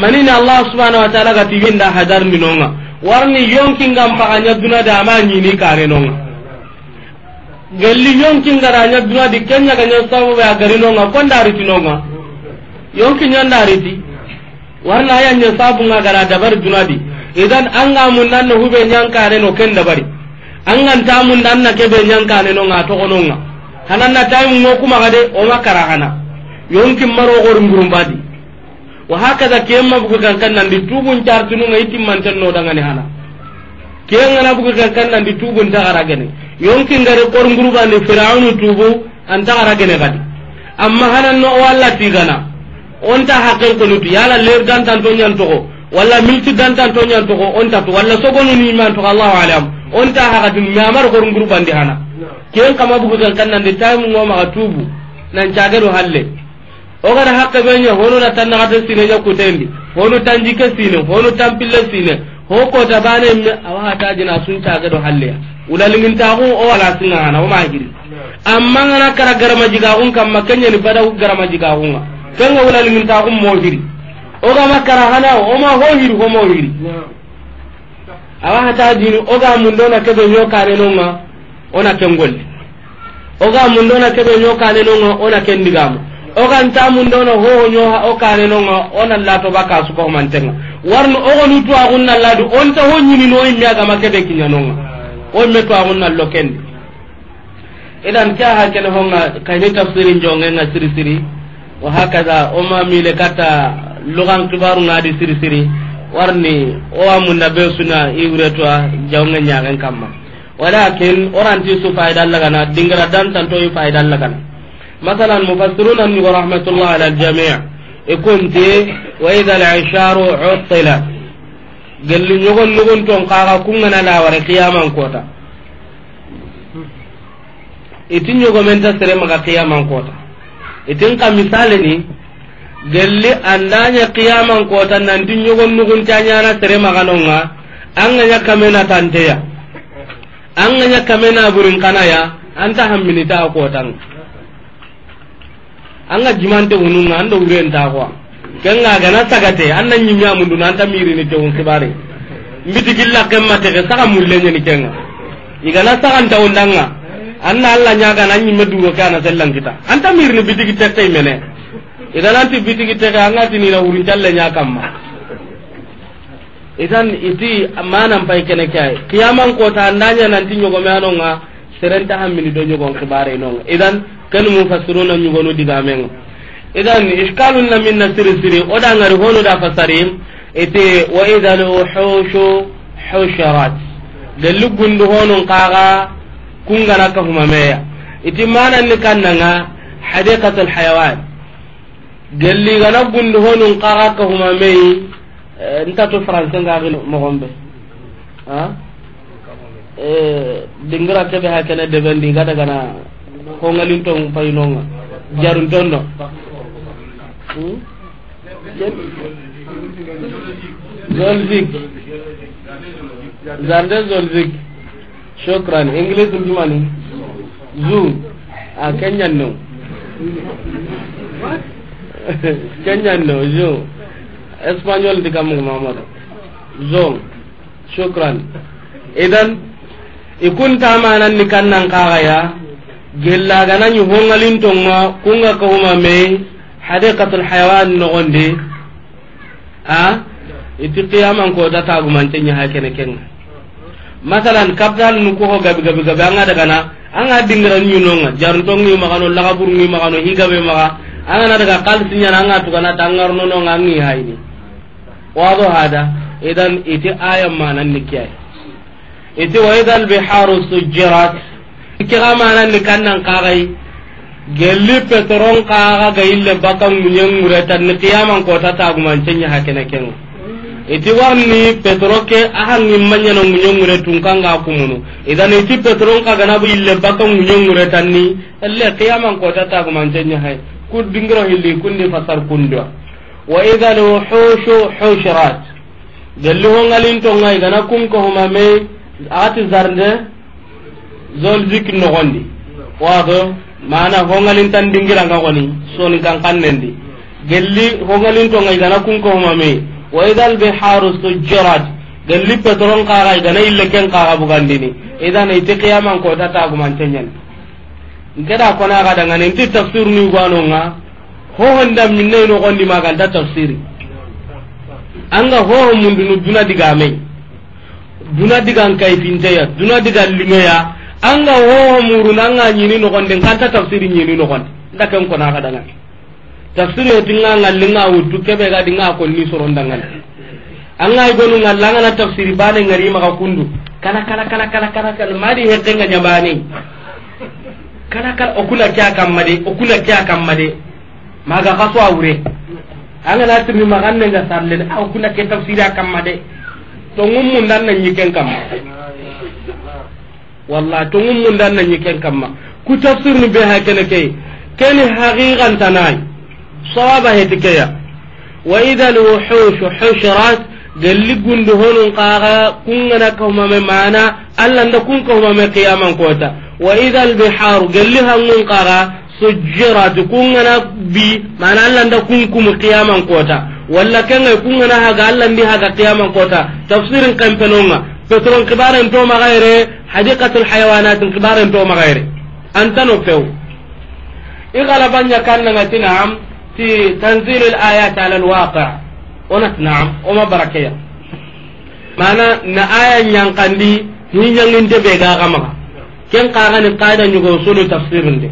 manini allah subhanahu wa ta'ala ga tiginda hadar ninonga warni yonkin gam paganya duna da ma nyini kare nonga gelli yonkin garanya duna di kenya ganya sabu ba gari nonga kon dari tinonga yonkin nyan dari di warna ya nya sabu nga gara dabari duna di idan an ga mun nan hube nyan kare no ken dabari an ga ta mun nan na kebe nyan kare nonga togo kononga hanan na tayi mo kuma de o makara kana yonkin maro gorum gurum badi wa hakaza kemma bugu kan kan nan di tubun cartinu ngai timman tan no ni hana kenga ngana bugu kan kan nan di tubun ta aragene yonkin gare kor ba ni firaun tubu an ta aragene gadi amma hanan no walla tigana on ta hakken ko lutu yala ler dan tan to nyan togo walla milti dan tan to nyan togo on ta to walla sogonu ni man to allah alam on ta hakadun mamar kor ba ndi hana ken kama bugu kan kan nan di tamu ngoma tubu nan cagero halle hakka hakke benya honu na tan naga sine ja kutendi honu tan jike sine honu tan sine ho ko ta bane me awa ta jina sun ta ga do halle ula lingin ta ku? o wala singa na o ma giri amma ngana kara garama jiga kun kam makanya ni bada ku garama jiga kun kan ga ula lingin ta ko mo giri o ga makara hana o ma ho hiri ho mo hiri awa ta jini o ga mun dona ke be yo kare no ma ona kengol o ga mun dona ke be yo kare no ona kendigamu o kan ta mun tamun dono ho nyoha o kane nonga ona lato baka su ko mantenga warno o gonu to agun na ladu on ta honni ni noy mi aga makebe kinya nonga on me to agun na loken idan ta ha ken honga kayni tafsirin jonge na siri siri wa hakaza o ma mi le kata lugan kibaru na di siri siri warni o amun amunna be suna to iwretwa jonge nyagen kamma walakin oranti su faida lagana dingara dan tanto yi faida lagana مثلا مفسرون أنه رحمة الله على الجميع يكون تي وإذا العشار عطلت قال لي نغن نغن تنقاها كنا لا وري قياما كوتا itin yogo men ta sere maga qiyaman kota itin ka misali ni gelli andanya qiyaman kota nan tin yogo nugun tanya na sere maga nonga anga nya kamena tanteya anga nya kamena burin kana anga jimante ununga ando urenta tawa kenga gana sagate anna nyimya mundu nanta miri ni tewun kibari mbiti gilla kemma tege saka mullenye ni kenga igana saka nta undanga anna alla nyaga na nyimme duro kana sellan kita anta miri ni bitigi tay mene igana anti bitigi tege anga tini na urin dan nyakamma idan iti manan pai kene kai kiyaman kota andanya nanti nyogo me anonga serenta hammini do nyogo kibare nonga idan kan mufassiruna ñugonu digamenga idan iskalun na min siri siri oda ngari da fasarim ite wa idan uhushu husharat kungana ka iti manan ni kannanga hadiqatul hayawan galli gana gundu ka nta to france nga gino ha eh tebe gada gana ko ngalin to pay nga jarun tondo hmm? zolzik zande zolzik shukran english dum jumani zoo a ah, kenyan no <laughs> kenyan no zoo espanyol di kamu mamad zoo shukran idan ikun tamanan ni nikan kaga kaya? gellagana ñuhongalin kunga kahuma mei hadikatul hayawan nogondi a iti qiyamanko datagumance ñaha kene kenga masalan kapital nu gabi gabi gabi anga dagana anga magano magano higabe maga angana daga kalsiñana anga tuganata angarnononga angi hayni wado hada idan iti iti kega manan ni kannan kagai gelli petron kaga ga baka munyen murata ni kiyaman ko ta iti warni ahan ni munyen kumunu idan iti petron kaga na bu baka munyen ni alle kiyaman ko ta hay dingro hilli kunni fasar kundwa wa idha luhushu gelli ko huma me ati zol zikr no gondi wato mana hongalin tan dingira nga goni soni kan kannendi gelli hongalin to ngai dana kun ko mame wa idal biharu sujjarat gelli petron kara gana ille ken kara bugandini idan ite qiyaman ko ta ta guman tenyen ngeda ko na ga daga nti tafsir ni gwano nga ho honda minne no gondi maga da tafsiri anga ho mundunu duna digame duna digan kai finteya duna digan limeya an anga wo muru nanga nyini no gonde kanta tafsiri nyini no gonde nda kan ko na kada ngani tafsiri o tinga ngalinga wutu kebe ga dinga ko ni soro ndangani anga igonu ngalanga na tafsiri bane ngari ka kundu kala kala kala kala kala kala madi hedde nga nyabani kala kala okuna kya kamade okuna kya kamade maga kaso awure anga na timi maganne nga sarle okuna ke tafsiri kamade to ngum mun nan nyiken kamade wallahi to mun mun dan nan yiken kamma ku tafsir ni be hakene kay kani haqiqan tanai sawaba hetikeya wa idha al-wuhush hushirat galli gundu honun qaga kungana kawma me mana alla nda kun ka kawma me qiyaman kota wa idha al-bihar galli hangun qaga sujjirat kungana bi mana alla nda kun kum qiyaman kota walla kenga kungana haga alla ndi haga qiyaman kota tafsirin kampenonga فترون كبار انتو ما غيري حديقة الحيوانات كبار انتو ما غيري انت نفو اغلبا كان نغتي نعم في تنزيل الآيات على الواقع ونت نعم وما بركيا معنى ان آية ينقندي هي ينقندي بيقا غمغا كن قاغن القاعدة نغو سولو تفسير دي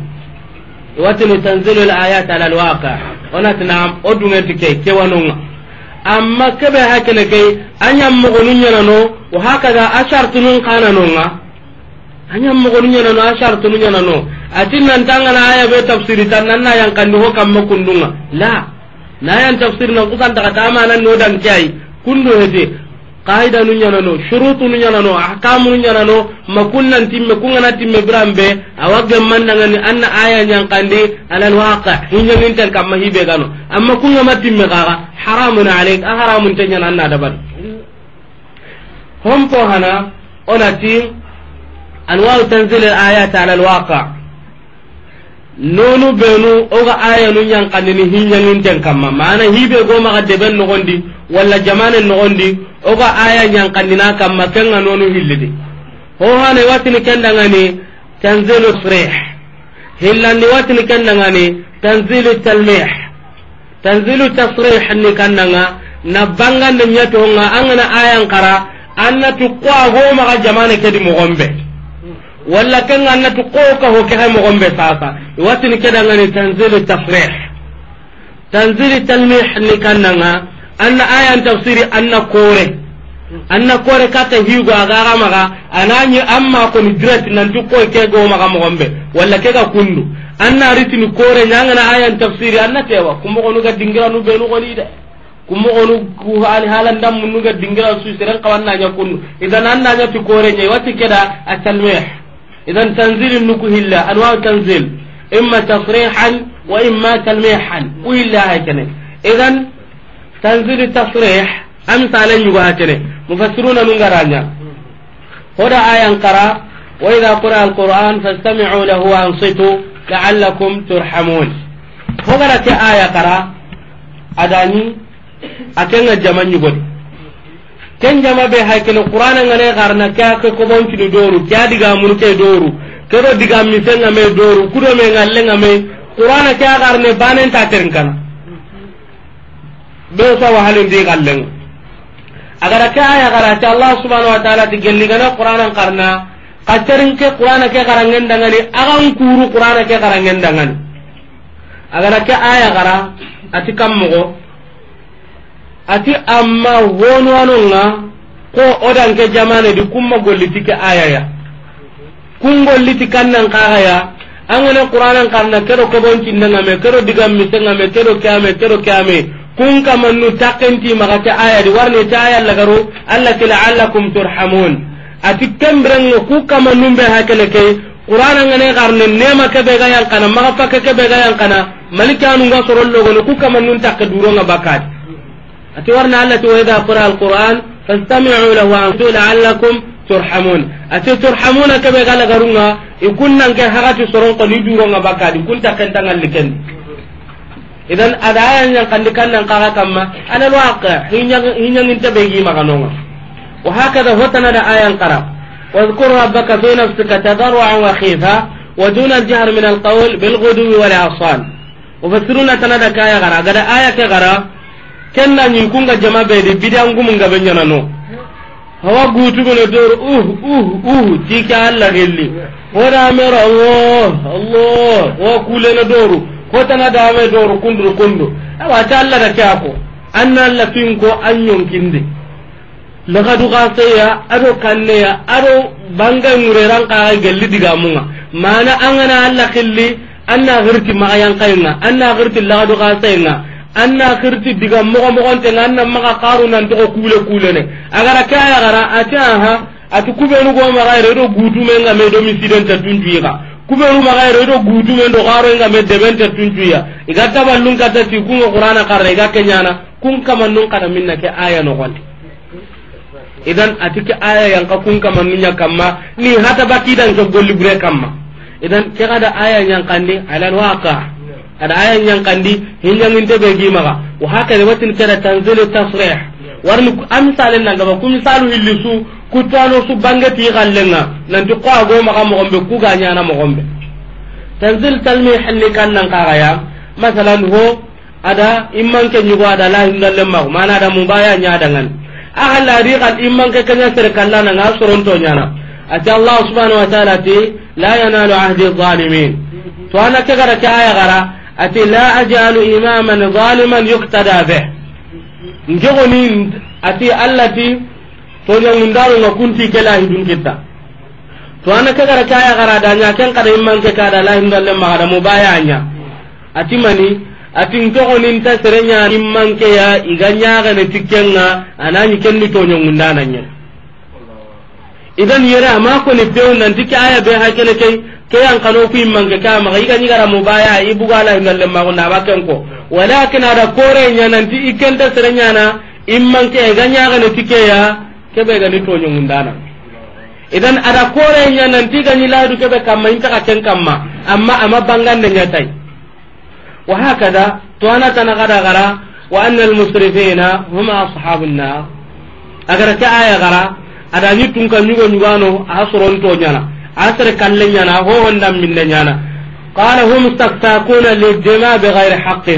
وتنزيل الآيات على الواقع ونت نعم ادو نتكي كيوانونغا نعم. amma kebe kai hakele kay anya mogonu nyanano wa hakada ashartunun kananonga anya mogonu nyanano ashartunun nyanano atin nan tangana aya be tafsiri tan nan na yang kan ho kam makundunga la na yang tafsir nan kusan daga tama nan no dan kai kundo hede qaida nu ñanano shurutu nu ñanano ahkamu nu ñanano makunnan timme kungana timme biranɓe awa gemmandangani anna aya ñankandi alal waqi huñanginten kamma hibe gano amma kungama timme kaga haramun alayk a haramun te ñana anna daban hon po hana onati anwau tanzil al ayat ala al waqa nonu benu oga aya nu ayanu yankanini hinyanginten kamma mana hibe gomaga deben wala jamane jamanen nogondi oga aya yankandina kamma kenga nonu hillidi hohana watini kendangani tanzilu srih hillandi watini kendangani tanzilu talmih tanzilu tasrih ni kannanga na bangande nyatohonga angana ayan kara annatu ko agomaga jamane kedi mogombe wala kan nga tu ko ka ho ke hay mo gombe sasa wati ni kedanga ni tanzilu tafrih tanzilu talmih ni kananga anna ayan tafsiri anna kore anna kore kata higo agara maga ananyi amma ko ni dret nan du ko ke go maga mo gombe wala ke ga kundu anna ritini kore nyanga na ayan tafsiri anna tewa kumbo ko nuga dingira nu be nu ko ni de ko gonu ku hali halan dam nu ga dingira su siran kawanna nya kunu idan an na nya ti kore nyi wati keda atalmih idan tanzil nuku hilla anwa tanzil imma tasrihan wa imma talmihan u hilla hakene idan tanzil tasrih amsalan yugo hakene mufassiruna nun garanya hoda ayankara qara wa idha qira alquran fastami'u lahu wa ansitu la'allakum turhamun hogara ta aya adani ken jama be haykele qur'ana ngane garna ka ke ko bonci ni doru ka diga mun ke doru ke do diga mi senga me doru kudo me ngalle ngame qur'ana kya garne banen ta terin kana be sa wa halin di gallen agara ka ya gara ta allah subhanahu wa ta'ala ti gelli gana qur'ana garna ka terin ke qur'ana ke garangen dangani agan kuru qur'ana ke garangen dangani agara ka aya gara ati kammo ati amma honuwanonga ko odanke di kumma golliti ke ayaya kun golliti kannan kahaya angene qur'anan karna kedo koboncindenga me kedo digammisenga me kedo keame kedo keame kun kamannu takkenti magate ayadi warni ta aya lagaru allati la'allakum turhamun ati kembirenga ku kamannu be hakele ke qur'ana ngane garne nema ke be ga yankana maga fakke ke be ga yankana malikanu nga sorollo gonu ku kamannun takke duronga bakati أتورنا التي وإذا قرأ القرآن فاستمعوا له وأنتوا لعلكم ترحمون أتي ترحمون كما قال غرونا يكون نك هغتي سرون قلي دورون بكاد كنت كنت نلكن إذن أدعي أن ينقل لكان ننقل كما على الواقع هين ينقل تبيجي مغنوما وهكذا هتنا دعي أنقرى واذكر ربك في نفسك تضرعا وخيفا ودون الجهر من القول بالغدو والعصال وفسرونا تنادى كايا غرى قد آية غرى kenna nyin kunga jama be de bidan gum ga be dor uh uh uh tika allah allah wa doru doru kundu da anna banga gelli mana angana anna anna anna khirti diga mogo mogon te anna maga qaru nan to kule kule ne agara kaya gara ata ha atu kubenu go maga redo gutu men ga me do misiden ta tunjuiga kubenu maga redo gutu men do garo ga me deben ta ya tunjuiya igata ballun kata ti kunga qur'ana karre ga kenyana kun kama nun kana minna ke aya no gonde idan atike aya yanka kun kama nunya kamma ni hata baki dan ke golli bure kamma idan ke kada aya ni alal waqa' ada yang aya nyankandi hinyanginte be gimaga wa hakada watin kada tanzilu tasrih warni amisalen nangaba ku misalu hilli su kutano su bangeti gallenga nanti ko ago maka mogombe ku ga nyana mogombe tanzil talmi halli kan nan masalan ho ada imman ke nyugo ada la hindalle ma mana ada mubaya nyadangan lari kan imman ke kenya serkalla nan asoron nyana ati allah subhanahu wa ta'ala ti la yanalu ahdi zalimin to ana ke gara ke aya gara ati la ajalu imaman zaliman yuktada be njogoni ati allati allah ti nga kunti ke hidun kita to ana ke gara kaya gara nya ken kada ke kada lahidun dalle magada mu bayanya ati mani ati njogoni nta serenya ke ya iga nyagane tikkenga anani kenni toñangundananye idan yere ma ko pew nanti ke aya be kene kai ke yang kano ku imman ka ma ga nyigara mu baya ibu gala ngalle ma ko na bakan ko walakin ada kore nyana ti ikenda serenya na imman ke ga nyaga ne tike ya ke be ga ni to nyungundana idan ada kore nyana ti ga nyiladu ke be kamma inta ka ken ma amma amma bangan ne nya tai wa hakada to ana tan gara gara wa anna al musrifina huma ashabun nar agar ta aya gara ada ni tunka go nyugano a soron to na asre kalle nyana ho honda minne nyana qala hum istaktakuna lidima ati ke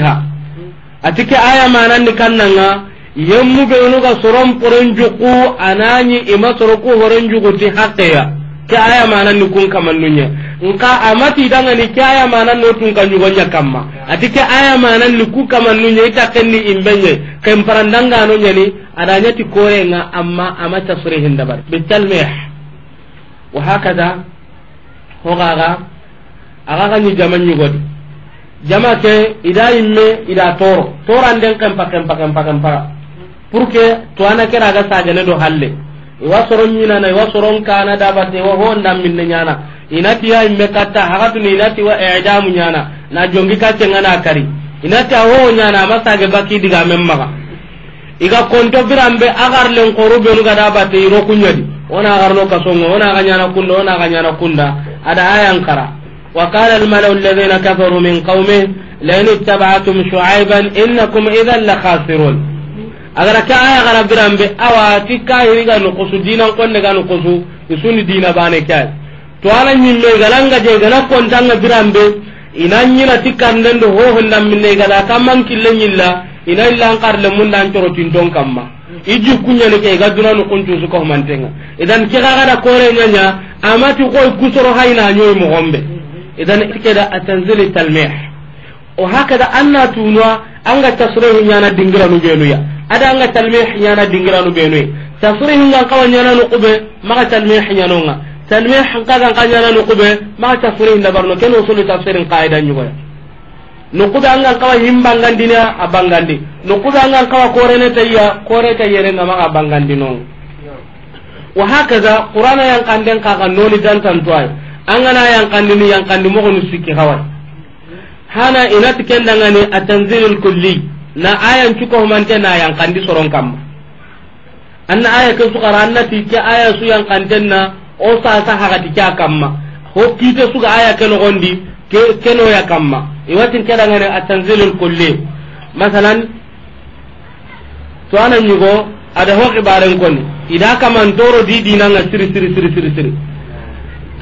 atike aya mananni kannanga yemmu benuga soron poronjuku anani ima soroku horonjuguti haqqiya ke aya mananni kun kamannunya nka amati dangani ke aya manan no tun kan kamma ati ke aya manan ni ku kamannunya ita kenni imbenye kan parandanga no nyani adanya ti korenga amma amata surihin dabar bitalmeh wa hakaza hogaga aga ga ni jaman nyugodi jama ke ida imme ida toro toran den kan pakem pakem pakem pa pour que to ana kera ga saga ne do halle wa soron nyina na wa soro kana da bate wa ho ndam minne nyana inati ya imme kata haga tu ni inati wa i'damu nyana na jongi ka tengana kari inati ho nyana masage baki diga memma iga konto birambe agar len korube nu ga da bate ro kunyadi ona garno kasongo ona ganyana kunda ona ganyana kunda ada ayan kara wa qala al malau alladhina kafaru min qaumi lan ittaba'tum shu'aiban innakum idhan la khasirun agara ka aya gara birambe awa tikka hiriga no kusu dinan konde ga no kusu isuni dina bane kay to ala nyimme galanga je gana kontanga birambe inan nyina tikkanden do ho honna minne gala kamman kille nyilla ina illan karle mun dan toro tin don kamma iji kunyani ke ga dunanu kuncu su ko mantenga idan ke ga da kore nyanya amati ko kusoro hayna nyoy mo gombe idan ke da atanzili talmih o hakada anna tunwa anga tasrihu nyana dingira nu benu ya ada anga talmih nyana dingira nu benu tasrihu ngan kawa nyana nu kube maka talmih nyana nga talmih kan kan nyana nu kube maka tasrihu labarno ken usul tafsirin qaida nyugo ya nukuta angan kawa himbangandinia a bangandi nukuta angan kawa korene tayya kore ta yerengama a bangandinon wa hakaza qur'ana yankanden kaga noni dantantuway angana kandi yankandi mogonu sikki kawai. hana ina inati kendangani atanzilul kulli na ayan cukohumante na kandi soron an anna aya ke sukara annati ke aya su na o sa sasa hakati ke a kamma ho kite suka aya ke nogondi keno ya kamma iwatin kada ngene atanzilul kulli masalan to anan yugo ada ho kibaren koni ida kama ntoro di dinanga siri siri siri siri siri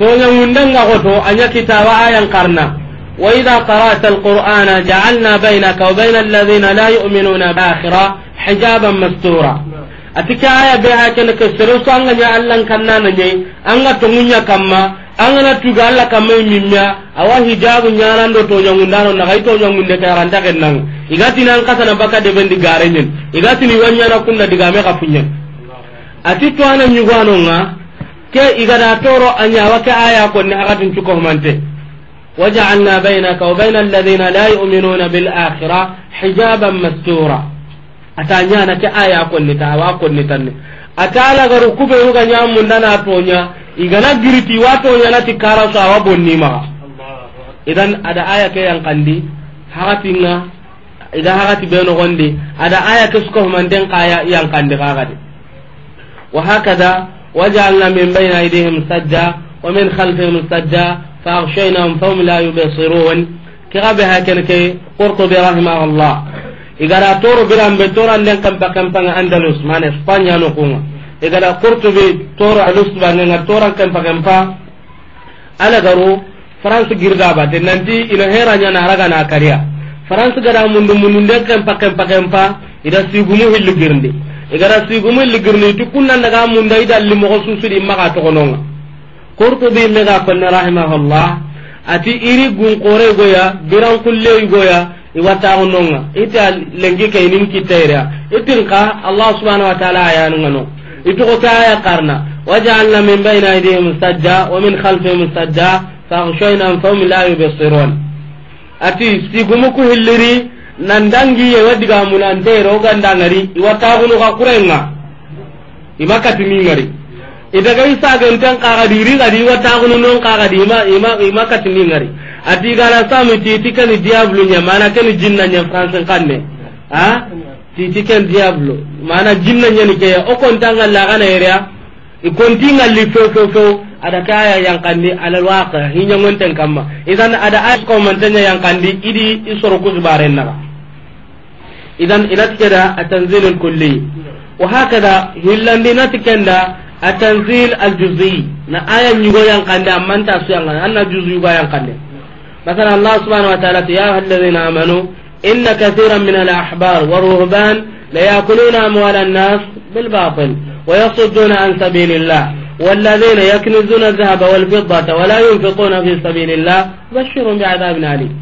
to nya mundanga goto anya kitawa ayan karna wa idha qara'ta alqur'ana ja'alna bainaka wa bainal ladhina la yu'minuna bil akhirah hijaban mastura atika aya be ha kana kasiro sanga nya allan kanna nanye anga tungunya kamma angana tuga alla kamme mimmiya awa hijabu nyanando to nyangundano na kaito nyangunde ka ranta kenan igati nan kata na baka de bendi garenyen igati ni wanya na kunna diga me ka funyen ati to anan nyugwano nga ke igada toro anya wake aya ko ni akati chuko mante waja'alna bainaka wa bainal ladina la yu'minuna bil akhirah hijaban mastura atanya na ke aya ko ni ta wa ko ni tanne atala garu kubeyu ga nyamunda to tonya igana giriti wato yanati kara so awa bonni ma idan ada aya ke yang kandi hakati nga ida hakati beno gonde ada aya ke suka humanden kaya yang kandi kagade wa hakada waja'alna min bayna aydihim sajda wa min khalfihim sajda faghshaynahum fahum la yubsirun kigabe hakene ke qurtubi rahimahullah igara toro birambe toranden kampa kampanga andalus mane spanya no kunga igada courtube toro anustubanenga toran kempa kempa ala garo france girgabate nanti ina hera heranyana aragana kariya france gada mundu mundunden kempa kempa kempa ida sigumu hilli girndi igada sigumu hilli girndi ti kunnandaga munda limo idalli mogo susudi immaga togononga courtube mega konne rahimahullah ati iri gunkore goya biran kulle goya iwataxunonga ita lengi kayinin kittayrea itin ka allah subhanahu wa taala ayanungano itugo kaya karna waja'alna min bayna aydihim sajja wa min khalfihim sajja faghshayna fahum la yubsirun ati sigumu ku hilliri nandangi ye wadiga munante ro gandangari iwatagunu ka kurenga imakati ni ngari idaga isa gantan kaga diri gadi watagunu non kakadi di ma ima imakati ni ngari ati gara sami titi kan diablu nya mana kan jinna nya france kanne ha titi ken diablo mana jinna nyani ke o kon tanga la gana area i kon tinga li fo fo fo ada kaya yang kandi alal waqa hinya ngonten kamma idan ada ayat ko mantanya yang kandi idi isoro ku zibaren na idan inat kada atanzil al kulli wa hakada hillan dina tikenda atanzil al juz'i na aya nyugo yang kandi amanta su yang anna juz'i ga yang kandi masalan allah subhanahu wa ta'ala ya الذين amanu إن كثيرا من الأحبار والرهبان ليأكلون أموال الناس بالباطل ويصدون عن سبيل الله والذين يكنزون الذهب والفضة ولا ينفقون في سبيل الله بشرهم بعذاب أليم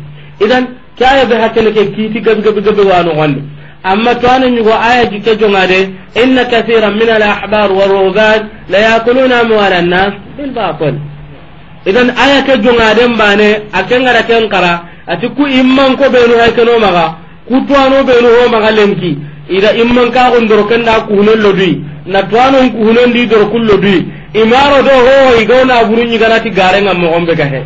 إذا كاية بحكنا كيتي قب قب قب وانغني أما كان يقول آية جيكا جمالي إن كثيرا من الأحبار والرهبان ليأكلون أموال الناس بالباطل إذا آية كجمالي باني أكن غرا كنقرأ ati ku imman ko benu hay kano maga ku tuano benu ho maga lenki ida imman ka gon doro kanda ku hunon lodui na tuano ku hunon di doro kullo dui imaro do ho go na burun yi ti gare ngam mo gombe gahe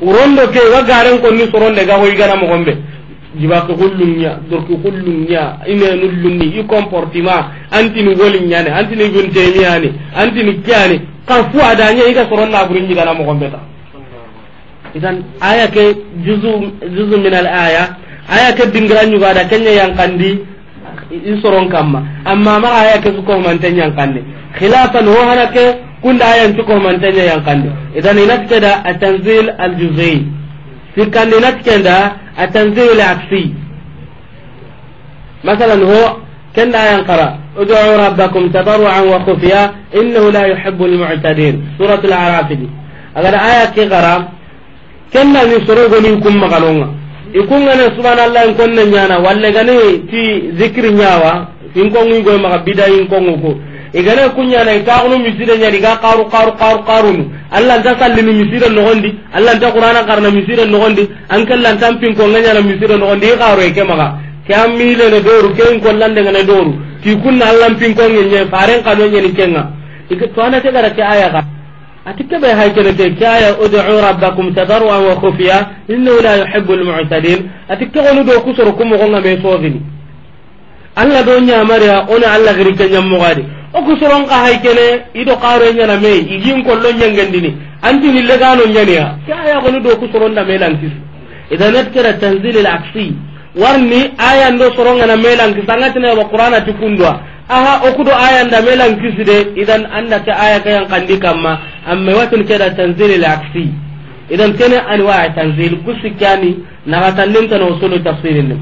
urondo ke wa gare ko ni soronde ga ho gana mo gombe jiba ko nya dor ko nya ine ni i comportement anti ni nya ne anti ni gunte ni ani anti ni kyani kan fu adanya iga soronna yi gana mo gombe ta idan aya ke juzu juzu min al aya aya ke dingiran juga ada kenya yang kandi insoron kamma amma ma aya ke suko mantenya yang kandi khilafan ho hanake kunda aya suko mantenya yang kandi idan inat kada atanzil al juz'i sikandi inat kada atanzil al aksi مثلا هو كان لا ينقرأ ادعوا ربكم تضرعا وخفيا إنه لا يحب المعتدين سورة الأعراف دي أقول آية كي غرام kenna ni soro goni kum magalonga ikungane subhanallah konne nyana walle gane ti zikri nyawa inko ngi go maga bida ko ngoko igane kunya na itaqunu misire nyari ga qaru qaru qaru qaru Allah ta sallini misire no gondi Allah ta qur'ana karna misire no gondi e an kallan tampin ko nganya na misire no gondi qaru e kemaga kam mile ne doru ken ko lande ngane doru ti kunna Allah pin ko ngenye faren kanu nyeni kenga ikto ana te gara ke aya ga ati kebe hay kene ke kaya ud'u rabbakum tadarruan wa khufiya innahu la yuhibbul mu'tadin ati ke onu do kusoro kumo gonga be sogini alla do nyamare ona alla giri ke nyammo gadi o kusoron ka hay kene ido qaro nyana me igin kollo nyangendini anti ni legano nyaniya kaya gonu do kusoron da melan kisu idan atkara tanzil al-aqsi warni aya ndo soronga na melan kisangatine wa qur'ana tikundwa aha okudo aya nda melan kiside idan anda ta aya kayan kandi kamma amma watin kada tanzil al aksi idan kana anwa tanzil kusikani na tandin tan usulu tafsirin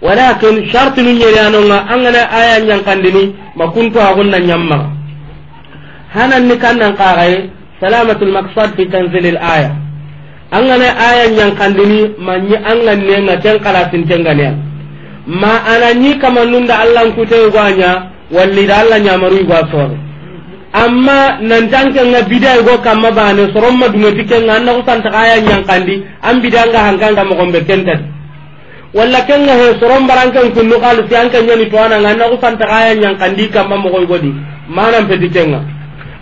walakin shartu min yanu anonga angana aya nyang kandini makuntu agunna nyamma hanan ni kannan qaray salamatul maqsad fi tanzil al aya angana aya nyang kandini manyi anganne ngaten kala tengania ma ananyi kamanunda allah te gwanya walli da allah nyamaru gwa sore amma nan tanke nga bidai go kamma bane soron ma dumeti kenga anna kusan ta kaya nyankandi an bidai nga hankanga mo gombe kentat walla kenga he soron barankan kunnu qalu si anka nyani to an anna kusan ta kaya nyankandi kamma mo goy godi manan pedi kenga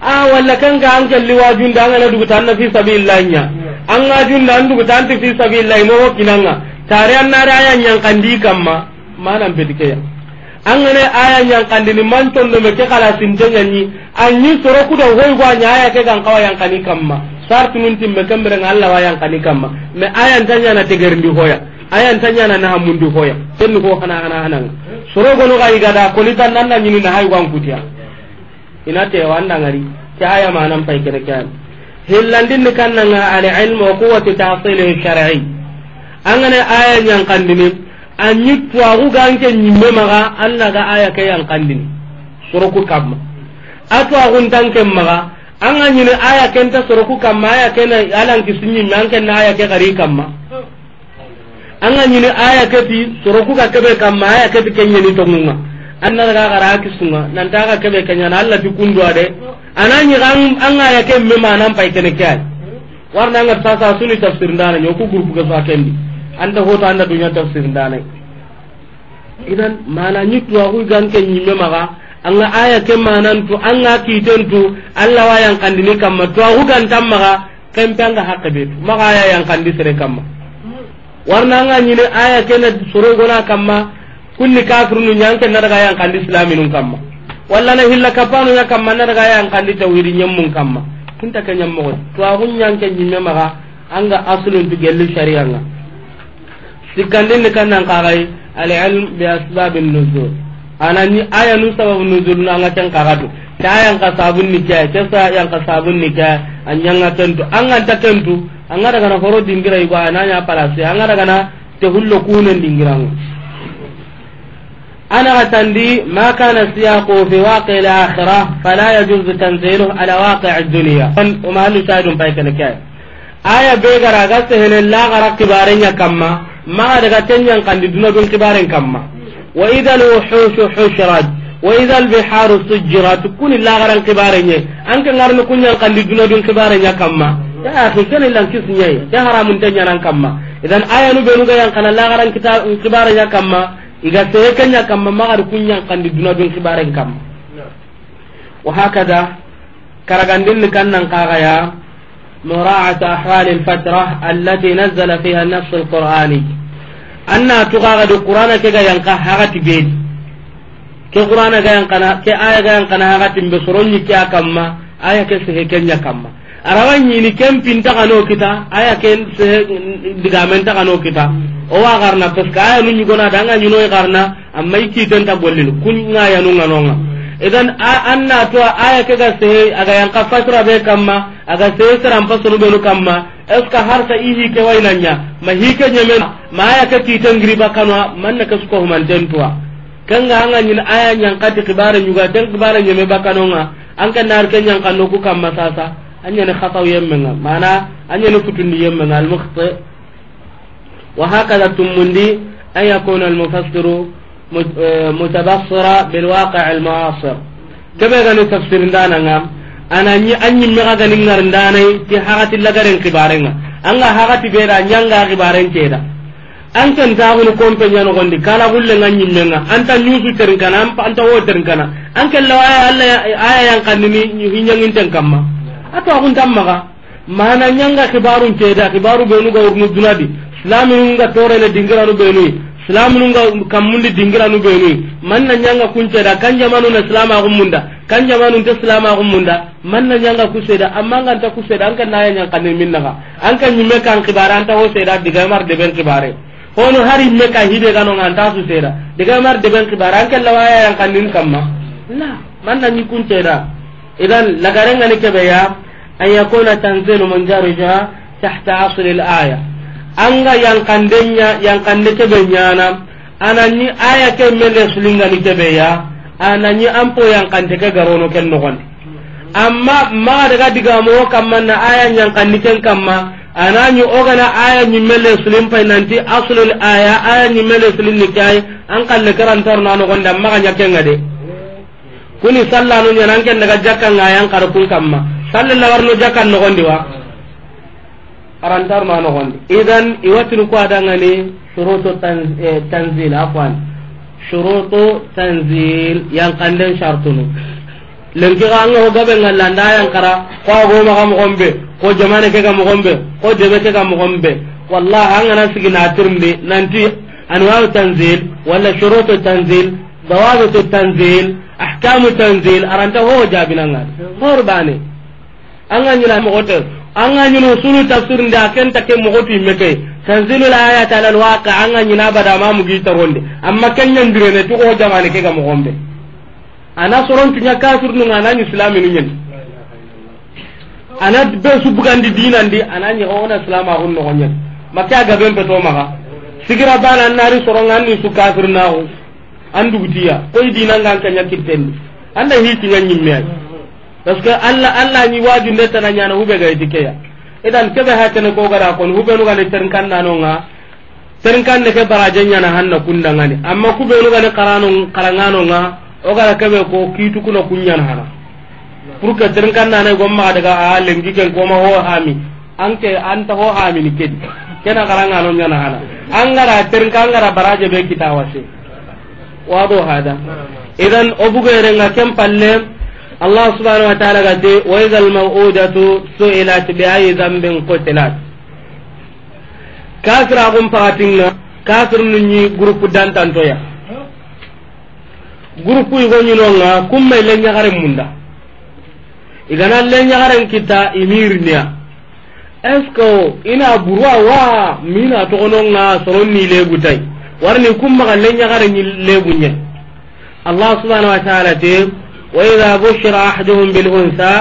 a walla kenga anka liwajun da ngana dugu tanna fi sabilillah nya an ga jun da ndugu tanti fi sabilillah mo kinanga tare anna raya nyankandi kamma manan pedi kenga angane aya ñankandini do meke kala sinteñañi anñi sorokudo hoygo aña aya ke yang kani kamma sartu nun ngalla wa yang kani kamma mais na ñana ndi hoya ayanta na na mundu hoya kenni ko hana hana hananga sorogono nan yigada konitan na ñini nahay wankutiya ina tewa ngari ke aya manan pay kene ke kan nan ala ilmu wa quwwati tahsilihi shar'i angane aya kandini anyi twagu ganke nyimbe maga allah ga aya ke yang kandini soroku kamma atwagun tanke maga an ga nyine aya kenta soroku kam aya kena alan kisinyi manke na aya ke gari kam an ga nyine aya ke ti soroku ka kebe kam aya ke ti kenye ni tongunga an na daga gara kisunga nan ta ga kebe kenya na allah ti kundwa de ananyi an ga ya ke mema nan pai kene kai warna ngar sasa suni tafsir ndana nyoku grupu ga sa kendi anda hoto anda dunya tafsir ndane idan mana nyitu wa gan ke nyimme maga anga aya ke manan tu anga kiten tu Allah wa yang kandini kamma to wa gan tamma kempe anga hakke betu maga aya yang kandi sere kamma warna anga nyine aya ke na soro gona kamma kunni kafirunu nyanke na daga yang kandi islaminun kamma walla na hilla kapanu nya kamma na daga yang kandi tawhidi nyemmun kamma kunta ke nyammo to wa gunyan ke nyimme maga anga asulun tu gelu syari'a nga sikkandin ni kannan kagai al ilm bi asbab an nuzul anani aya nu sababu nuzul na nga kan kagatu ta yang ka sabun ni kya ta sa yang ka sabun ni kya anyanga tentu anga ta tentu anga daga na horo dingira iba ananya palasi anga daga na te hullo kunen dingirangu أنا أتندي ما كان السياق في واقع الآخرة فلا يجوز تنزيله على واقع الدنيا وما هل شاهد بايك لكي آية بيغر أغسه لله غرق بارين كما maga daga tenyan kandi duna dun kibarin kamma wa idal al-wuhushu hushrat wa idal al-biharu sujjirat kuni illa garan kibaren ye an kan garno kunyan kandi duna dun kibaren ya kamma ya akhi kan kis kisnye ya haramun tenyan an kamma idan ayanu benu ga yan kana la garan kibaren ya kamma iga sey kanya kamma maga kunyan kandi duna dun kibarin kamma wa hakada karagandin kan nan kagaya مراعاة أحوال الفترة التي نزل فيها النص القرآني أن تغاغد القرآن كي ينقى هغت بيد كي قرآن كي ينقى كي آية ينقى هغت بسرني كي أكما آية كي سهكين يكما arawani ni kempin ta kano kita aya ken digamen ta kano kita o wa garna paska aya nu nyugona danga nyuno garna amma iki tan ta kun ya nu idan na to aya ke ga sehe aga yanka kafatra be kamma aga sehe saram pasunu be kamma eska harta ihi ke wainanya ma hike nyemen ma aya ke titan griba kanwa manna ke suko humanten tuwa kanga hanga nyin aya nyang kati kibare nyuga den kibare nyeme bakanonga anka nar ke nyang kanu ku kamma sasa anya ne khataw yemmenga mana anya ne kutundi yemmenga al mukhti wa hakala tumundi ayakuna al mufassiru mutabassira bil waqi' al mu'asir kebe gani tafsir kibaru ga dunadi silamunu ga kammundi dingiranu benu man na nyanga kunce da kan jamanu na silama munda kan jamanu ta silama munda man na nyanga kuseda amma ngan ta kuseda an kan na nyanga kan min naga an kan nyime kan kibara an ta ho seda diga mar de ben kibare hono hari me ka hide ga no an ta su seda diga mar de ben kibara an kan lawaya yang kan nin kamma la man na nyi kunce da idan lagarenga ne kebe ya an yakuna tanzilu manjaruja tahta asl al aya anga yankandenya yankande kebe nyana anani aya ke mele sulinga ni kebe ya anani ampo yankande ke garono ken nogondi amma ma daga diga mo kamma na aya yankandi ken kamma anani ogana aya ni mele sulim pay nanti aslul aya aya ni mele sulim ni kai an kalle karan torna no gonda maga nyakenga de kuni sallanu nyanan ken daga jakka ngayan kar kun kamma sallallahu warno jakkan no gondi wa arantar ma nogondi idan iwatini ko adangani shurutu e, tanzil afwan shurutu tanzil gabe ko ma ko jamane ke ko debe ke wallahi nanti anwa'u tanzil wala shurutu tanzil dawabatu tanzil ahkamu tanzil aranta ho jabinanga anga ñinu sunu tafsir nda ken take mogo timme ke tanzilu layat ala alwaqi anga ñina bada ma mugi taronde amma ken ñandirene ti ko jamane ke ga mogonɓe ana soron sorontuña kafir nunga anañu silaminu ñani ana be subugandi dinandi ana ñegowona silamaxun noxo ñani make a gaben peto ga. sigira bana an nari soron an ni su kafir naxu an dugutiya koy dinangan keña kittendi anda hikiña ñimme ay parce que alla alla ni waju ndeta na nyana hube ga ya idan kebe ha tane ko gara kon hube no ga le tan kan nano nga tan kan ne ke baraje nyana hanna kunda ngani amma be no ga le karano karangano nga o gara kebe ko kitu kuno kunyana hana pour que ter kan nana go ma daga a ah, lengi ken ko ma ho hami anke anta ho hami ni kedi kena karangano nyana hana angara tan kan gara baraje be kitawase wado hada idan obugo erenga kem palle allah subhanahu wa ta'ala gati wa idha al maw'udatu su'ilat bi ayi dhanbin qutilat kasra gum pagatinga kasr nu ni groupe dantantoya groupe yi yugo ñinonga kumma ile ñagaren munda igana le ñagaren kita imirniya est ce que ina burwa wa mina togononga soronni legutai warni kummaga le ñagaren leguñe allah subhanau wa taala te وإذا بشر أحدهم بالأنثى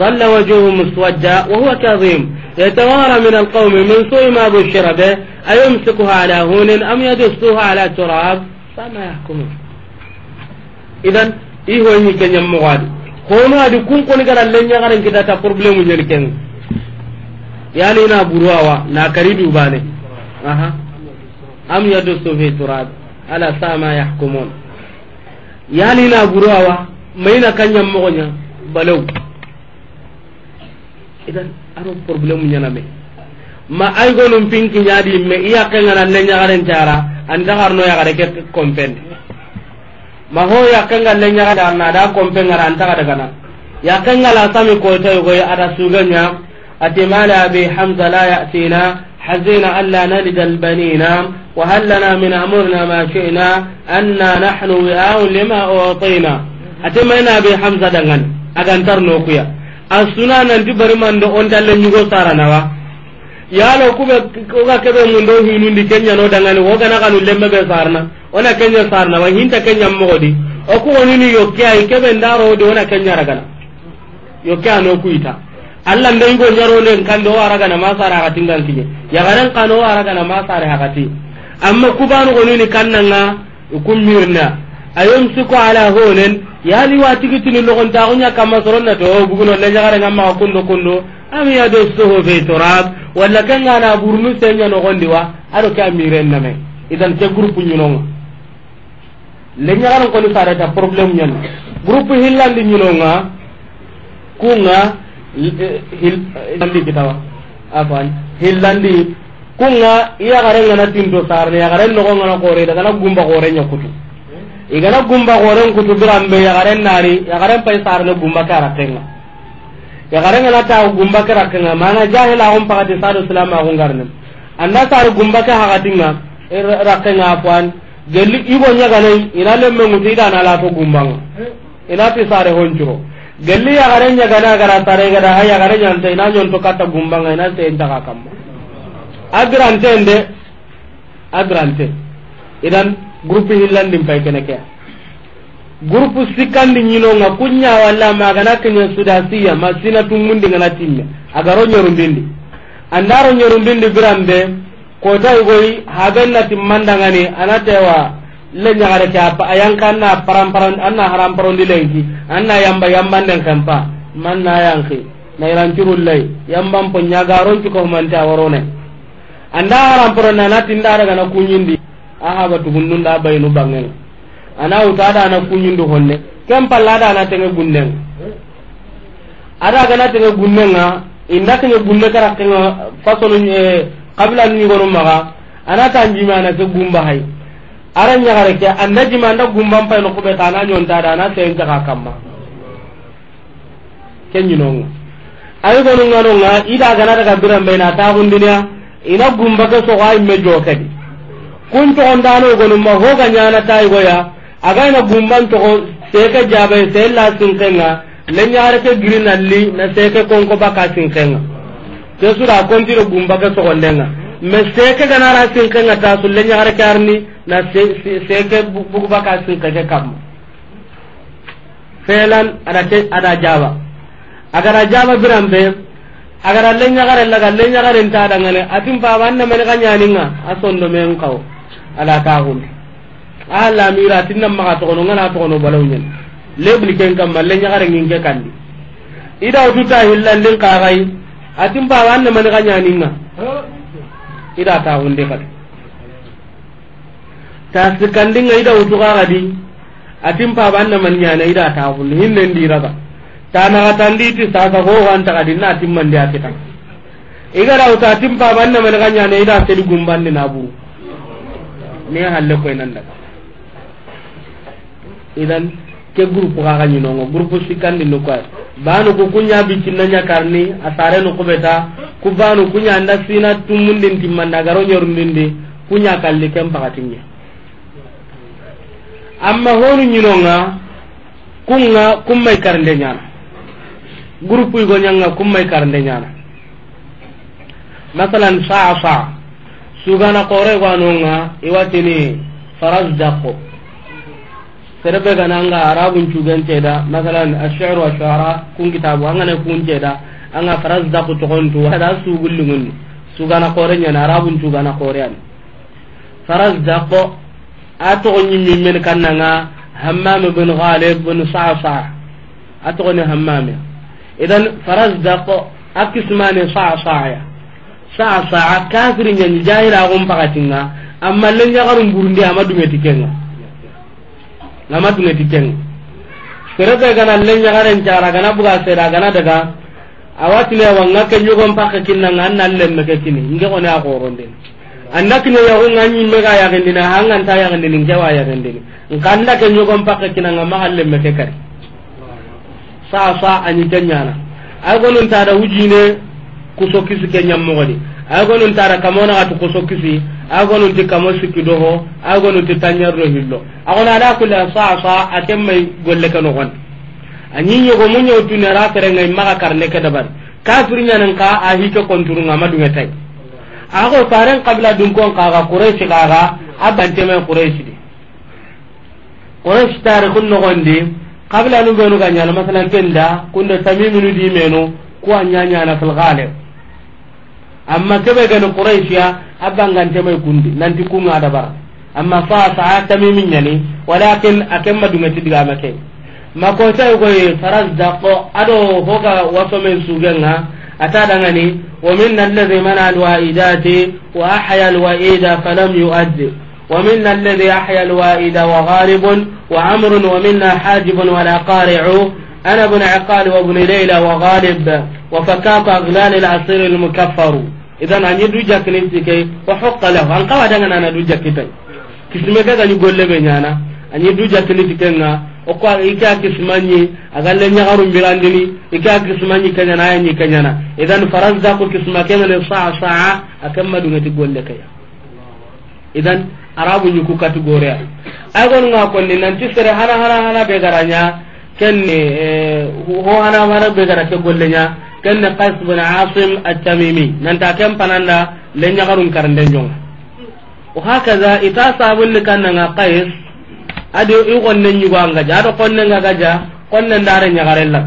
ظل وجهه مسودا وهو كظيم يتوارى من القوم من سوء ما بشر به أيمسكها على هون أم يدسها على تراب فما يحكمون إذا إيه هو كن يمغاد هون أدي كون كون كرا لن يغرن كده تبربلم يلكن يا لينا بروا نا كريدو باني أها أم يدس في تراب ألا سا ما يحكمون يا لينا بروا maina kanya mogonya balau idan aro problem nya na me ma ay gonum pinki nyaadi me iya kenga nan nya garen tara anda harno ya gare ke kompen ma ho ya kenga le nya gada na da kompen ngara anta kada kana ya kenga la sami ko to go ya ada suganya atimala bi hamza la yatina حزينا ألا نلد البنين وهل لنا من أمرنا ما شئنا أنا نحن وئاء لما أعطينا atema ina be hamza dangan agantar no kuya asuna nan di bari mando on dalle nyugo sarana wa yalo kube koga kebe mundo hinundi kenya no dangani woga na kanu lembe be sarna ona kenya sarna wa hinta kenya di o ko woni ni yokke ay kebe ndaro de ona kenya ragana yokke ano kuita allah ndey go nyaro le kande o aragana ma sara ga tingan kije ya garan kanu o aragana ma sara hakati amma kubanu woni ni kannanga kum mirna ayum suku ala honen yali watigitini logontaxuña kamma soronna to buguno leñagarengammaxa kundo kundo ami ado soho fe torab walla kengana burnu seña nogondi wa aɗo ke a mirenname idan ke groupe ñinonga leñagaren koni sareta probléme ñani groupe hillandi ñinonga kunga hillandi kitawa afan hillandi kunga iyagarenga na tinto sarne yagaren nogongana kore dagana gumba kore ñakutu igana gumba goren kutu biran be yagaren nari yagaren pay sarne gumba kara kenga yagaren na ta gumba kara kenga mana jahila on pagati sadu islam agun garne anda sar gumba ka hagatinga er, rakenga afwan gelli igo nyagane ina lemme muti da na la to gumba ina ti sare honjuro gelli yagaren nyagana gara sare gara ha yagaren nyante ina nyonto kata gumba ina te ndaka kamma agrante ande agrante idan groupe hillandin pakai kene ke groupe sikkandi ñinonga kuña walla magana kene sudasiya ma sina tungundi ngana timme agaro ñorundindi andaro ñorundindi biranɓe kotayi goyi haɓenna timmandangani anatewa le ñagare ke a ayang kana paramparan anna haramparondi lengi anna yamba yambanden kampa man na lay nairancurullayi yamban po ñagaroncukohumante a warone. anda haramparondi anatinda dagana kunyindi aha ba tu tugunnun da nu bangen ana uta da na kunyin do honne kem palla da na tenge gunnen ara ga na tenge gunnen na inda tenge gunne kara kenga fasonu qabla eh, ni gonu maga ana ta njima na ke gumba hay ara nya gare ke anda jima na gumba pa no kube ta na nyon da da na sen ta kamma kenyi nongo ayi gonu ngano nga ida ga na daga biran bayna ta gundinya ina gumba ke so ay me jokadi kun togondano gonumma hoga ñanatayigoya agana gumban togo seke jabe sella sinkenga lenyare ke giri nalli na seke konko baka sinkenga ke sura kontiro gumba ke sogondenga me seke ganara sinkenga ta su lenyare ke arni na seke bugu baka sinkeke kamma felan adate ada jaba agara jaba birambe agara lenyagare laga lenyagare nta dangane atin baba anna mene kanyaninga asondo men kawo ala taxunde a lamira tinnan maxa toxono ngana toxono balawñen lebni ken kamma le ñaxarengin ke kandi ida tuta hillandin kaxay atin baba an nemani xa ñaninga ida taxunde kat tasikandinga ida wutu xaxadi atin paba an nemani ñana ida taxunde hinnendiraga tanaxatanditi sasa hoxantaxadi na timmandi a kitan igara wuta atin paba an nemani xa ñana ida sedi gumbandi na buru me halle koy nan daga idan ke groupe ka ganyi no si sikandi no ko banu ko kunya bitin na nya karni asare no kubeta ku banu kunya anda sina tumundin timanda garo nyorundinde kunya kalli kem pakatinya amma honu nyinonga kunga kummai karnde nyana groupe igo nyanga kummai karnde nyana masalan sa'a sa'a sugana kore gwanonga iwatini farazdaqo serebe gananga arabun cugenteda masalan ashiru ashara kun kitabu angane kunceda anga farazdaqo togontu hada sugullingunni sugana kore nyana arabun cugana kore ani farazdaqo atogonyi nyimmen kannanga hammam ibn ghalib ibn sa'sa atogoni hammam idan farazdaqo akismani sa'sa ya sasa kafiri ñani jahiragun pakatinga amma lenjagarum burundi ama dumeti kenga ama dumeti kenga serebe gana lenjagaren cara gana buga sera gana daga awatine wanga ke ñogon paka kinnanga an nan len meke kini nge kone a korondini anda kine yagunga ñimme ga ya hanganta yagendini nkewa ya nka anda ke ñogon paka kinanga maxa lemme meke kari sasa añi ke ñana ay gonuntada wujine kuso kisi ke ñammogoni agonun tara kamonaxatu kuso kisi agonunti kamo sikki doho agonunti tanñardo hillo agona ada kulla sasa a ken may golle ke noxon añi ñogomu ñewtunera ferengay maxa karne ke dabari kafirñanen ka a hike konturunga madungetay ako faren kabila dunkon kaga quraish kaga a banteme quraish di quraish tarikun nogondi kabila nu benu ga ñana masalan kenda kunda tamiminu dimenu ku a ñañana fil ghalib amma kebe gani quraishiya abangante mai kundi nanti kunga da bara amma fa sa'a tamimin yani walakin akemma dungati diga make makota goy farazdaqo ado hoga waso men sugenga ata dangani wa min alladhi mana alwaidati wa ahya alwaida falam yuaddi wa الذي أحيا الوائد وغالب وعمر ومنا حاجب ولا قارع أنا ابن عقال وابن ليلى وغالب وفكاك أغلال العصير المكفر idan anyi du jakkinin tike ko hokka lahu an kawa daga nana du jakkita kisme ka gani golle be nyana anyi du jakkinin tike nga o ko ika kismanyi aga le nya nyagaru birandini ikka kismanyi kanya na yanyi kanya na idan faranza ko kisma kenya le sa'a sa'a akamma dungati golle kaya idan arabu nyuku kategoria agon nga ko ni nanti sere hana hana hana be garanya kenne eh, ho hana hana be garake gollenya ken ne qas bin asim at-tamimi nan ta ken pananda len nyagarun karande jonga o hakaza ita sabun ne kan nga qais ade i gonne nyugo nga ja do konne nga ga ja konne ndare nyagarella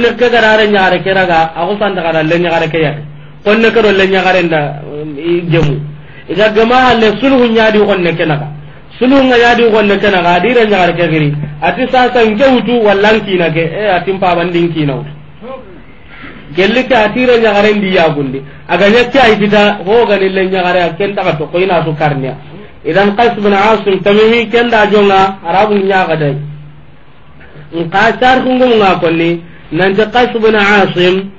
ne ke garare nyare ke raga ago sanda kada len nyagare ke ya konne ke do len nyagare nda jemu iga gama ne sulhu nya di ke na kenaga sulhu nga ke na gonne kenaga adira nyagare ke giri ati sasa nke wutu wallan kinake e eh, ki na kinawtu gelli ke atire nyagare ndi gundi aga nyakke ay kita ho gani le nyagare ken ta to ko ina su karnya idan qais bin asim tamimi ken da jonga arabu nyaga dai in ka sar kungum nga konni nan ta qais bin asim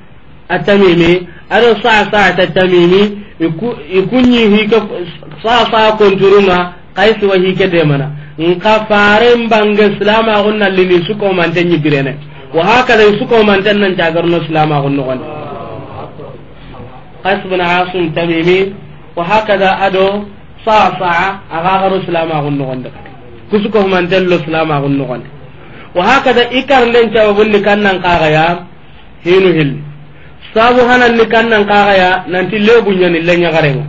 atamimi ara sa sa tamimi ikunyi hi ka sa sa juruma qais wa hi ke de mana in ka fare mbange islam gunna lini su ko man tan yibirene wa hakada suko man tan nan jagar no islama gonno gon qasbun asun tamimi wa hakada ado safa agagaru islama gonno gon kusuko man tan lo islama gonno gon wa hakada ikar hinu sabu hanan ni kannan kaga nanti lebu nyani lenya garenga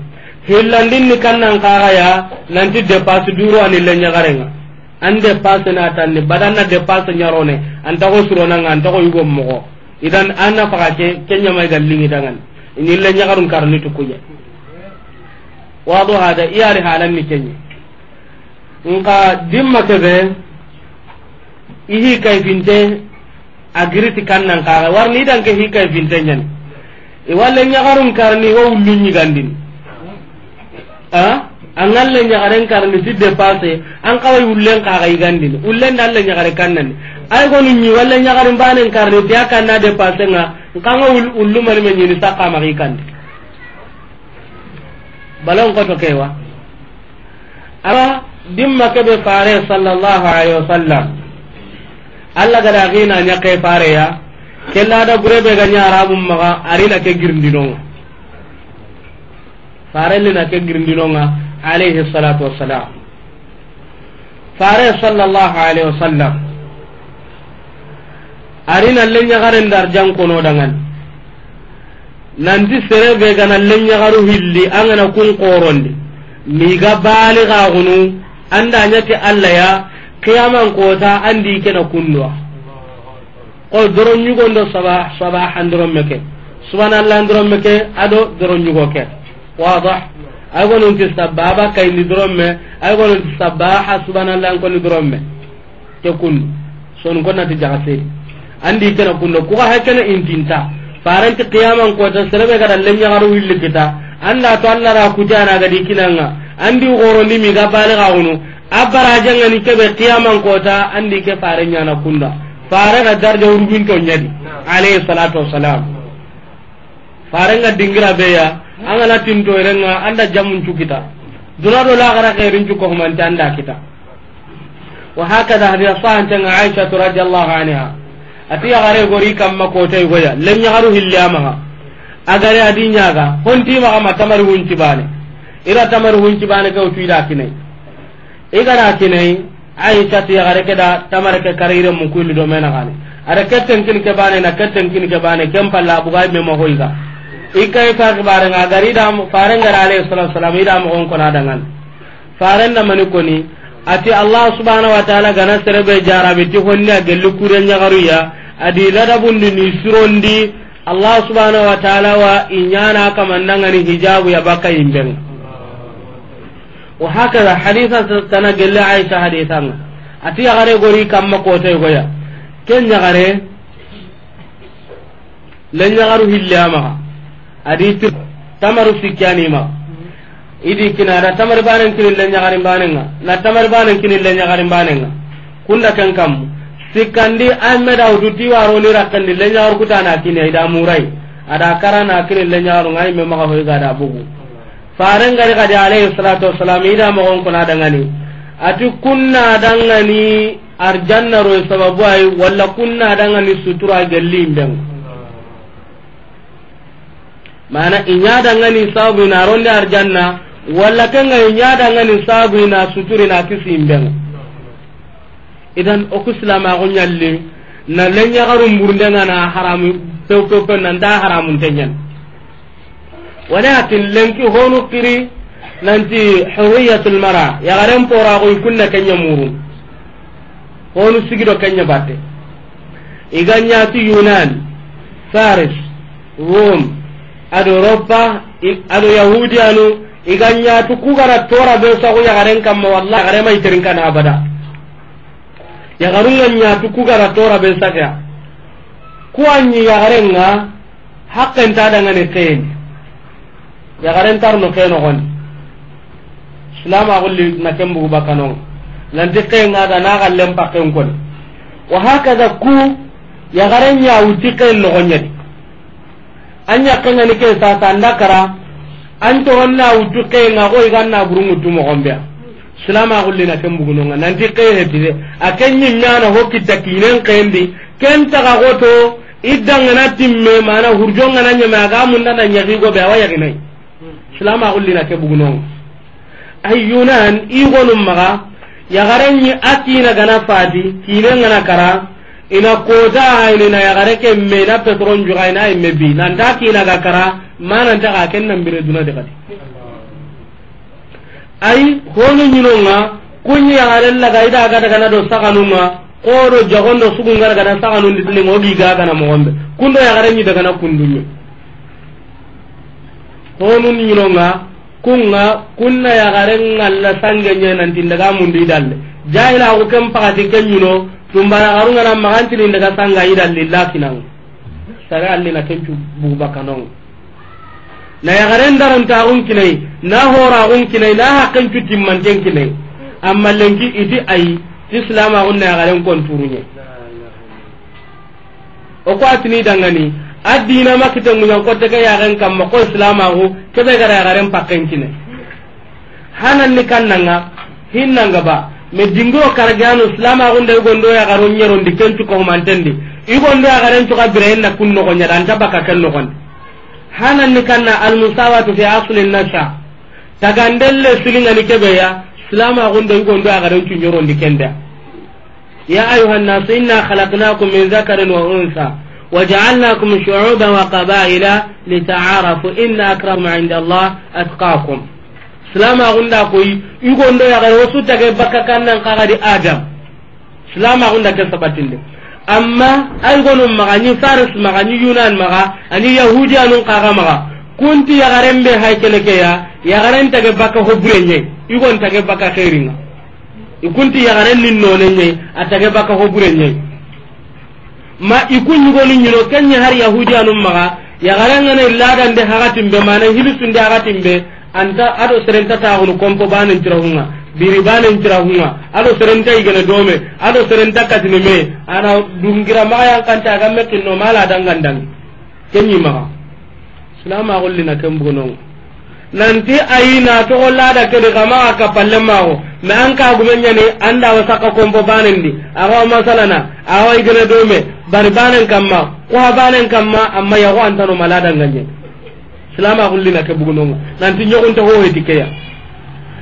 hillandin ni kannan kaga nanti depasu duro ani lenya garenga an dépasse na tanni badanna dépasse ñarone anta ko suronanga anta ko yugom mogo idan an na faga ke ke ñamay gallingi dangan ini le ñagarun karni tukuje wado hada iyari halan ni kenye nka dimma kebe ihi kay finte agiriti kannan kaga warni idan ke hi kay finte ñani iwalle ñagarun karni wo wullu ñigandini a angal le nyagaren ni ti dépasser an kawai ullen ka ga igandin ullen dal le nyagare kannan ay gonu ni walla nyagaren banen karni ti de dépasser nga kanga ullu mari men ni saka ma ga kandi balon ko to kewa ara dimma ke be fare sallallahu alaihi wasallam alla ga ragina nya ke fare ya kella da gurebe ga nya arabum maga arila ke girndino fare le na ke nga عليه الصلاة والسلام فاره صلى الله عليه وسلم أرنا اللي يغرن درجان كونو دنغن nanti serebe gana lenyagaru hilli angana kun qorondi miiga baliga gunu anda nyati alla ya qiyaman kota andi kena kun kunwa ko doron do ndo sabah sabah andron meke subhanallah andron ke ado doron nyugo ke ay gonun ti sababa kay ni dromme ay gonun ti sabaha subhanallah an ko ni dromme to kun son ko nati jaxase andi kana kunno ko ha kana intinta faranti qiyaman ko ta serebe ga dalle nya garu willi kita anda to alla ra kujana ga dikinanga andi goro ni mi ga bale ga hunu abara janga ni kebe qiyaman ko ta andi ke farenya na kunda fare ga darja urgun to nyadi alayhi salatu wassalam farenga dingira ya. angana nga anda jamun cukita dunado lagara kerin man tanda kita wa hakada hadi sahantenga aisha radhiyallahu anha ati gare gori ko tay goya len yagaru hillamaga agare honti ma ma tamari hunci bane ira tamari hunci bane ke otuida kinai igana kinai gare ke da tamare ke karire mena domenagane ada ketten kin ke bane na ketten kin ke bane ken palla bugay mema hoiga ikka ka kibare nga gari da mu faren gara alayhi salatu wassalam ida mu on kona ngal faren da mani koni ati allah subhanahu wa ta'ala gana serebe be ti honni a gelu kure nyagaru ya adi ladabundi ni surondi allah subhanahu wa ta'ala wa inyana ni hijabu ya baka imben wa hakaza haditha tana gelle aisha hadithan ati yagare gori kamma kote goya ken yagare len yagaru hille amaga adi tir tamaru sikkani ma idi kina da tamar banen kini le nyagarin banen nga na tamar banen kini le nyagarin banen nga kunda kan kam sikandi amme da udu tiwaro ni rakandi le nyagar kutana kini ida murai ada karana kini le nyagar ngai me maka hoy gada bugu faran gari gadi alayhi salatu wassalam ida mo gon kuna dangani ati kunna dangani arjanna ro sababu ay walla kunna dangani sutura galli mbeng mana iñadangani sabu ina ronde arjanna walla kenga iñadangani sabu ina suturina kisimbenga idan oku silamaxu ñalli na lenñagaru mburdengana haramu pew pew pew nanta haramunte ñan walakin lenki honu kiri nanti huriyatul mara ya yagaren poraxuy kunna kenya muru honu sigido kenya batte iga ñati yunan faris rome ado roba ado yahudi anu iganya tu gara tora be sago ya garen kam wallahi gare mai tirin kana abada ya garunga nya tu gara tora be ka ku anyi ya garenga hakken ta da ne kayen ya garen tar no kayen gon islam agulli na kembu bakanon Lan de kayen da na gallem pakken kon wa hakaza ku ya garen ya uti kayen no gonyadi anya kanga ni ke sa ta ndakara anto honna wutu ke nga ko iganna burungu tu mo gombe salama gulli na kan buguno nga nanti ke he bide akan nyi nyana hokki takinen kendi ken ta ga goto idanga na timme mana hurjonga na nyama ga mun na nyagi go be awaya ginai salama gulli na ke buguno ayyunan igonum maga yagarenyi akina gana fati kinenga na kara ina kota hayni na yagare me ina petron juga ina me bi ta nanta kinaga kara ta ka ken nambire duna de kati ayi hono ñinonga kunyi yagarelaga ida na do sakanu do daga saganunga kodo jagondo sugungara gana saganundi tilinga ogi gagana mogonɓe kundo yagareñi dagana kunduñi honun nga kunga kunna yagare ngalla sangeñe nantindaga mundu idalle jahilaku ken pakati ken ñuno tumbana arunga na ni daga sanga ida lilla kinang sare alli na kencu kanong na yagaren daran ta gun kinai na hora gun kinai na hakan cu timman ken kinai amma lengi iti ai islama gun na garen kon turunye o ko atini dangani adina makita ngunya ko daga yagaren ma ko islama gu kebe gara garen pakken kinai hanan ni kannanga hinnanga ba me dingiro karagano islama gonde gondo ya garo nyero kentu ko mantendi igondo ya garen cuka birayen na kun nogo nyada anta baka ken nogo hanan ni kanna al musawatu fi asli nasha tagandelle silinga ni kebe ya islama gonde gondo ya garen cun nyero ndikenda ya ayuha nas inna khalaqnakum min dhakarin wa unsa shuuban wa qabaila لتعارفوا inna akramu inda الله atqakum silama gunda koyi igondo yagare wosu tage bakka kannan di adam silama gunda ke sabatinde amma ay gonu maga ni faris maga ni yunan maga ani yahudi anun kaga maga kunti yagaren be hay keleke ya yagaren tage bakka hobure nyai igon tage bakka khairinga ikunti yagaren nin none nyai atage bakka hobure nye ma ikun ni nyino kenya har yahudi anun maga yagaren ngana ladan de hagatimbe manan de hagatimbe anta ado serenta taxunu compo banen cirahunga biri banen cirahunga ado serenta igene dome ado serenta katini me ana dungira maxayan kanta aga mekkinno mala dangandangi kenyimaxa silamaxullina ken bugunonga nanti ayi na togo lada kedi kama ka palle mago me an ka gume nyani anda wa saka kompo banendi awa masalana awa igene dome bari banen kamma ko banen kamma amma ya ko antano malada nganye silama na ke bugunonga nanti ñogunta hoheti keya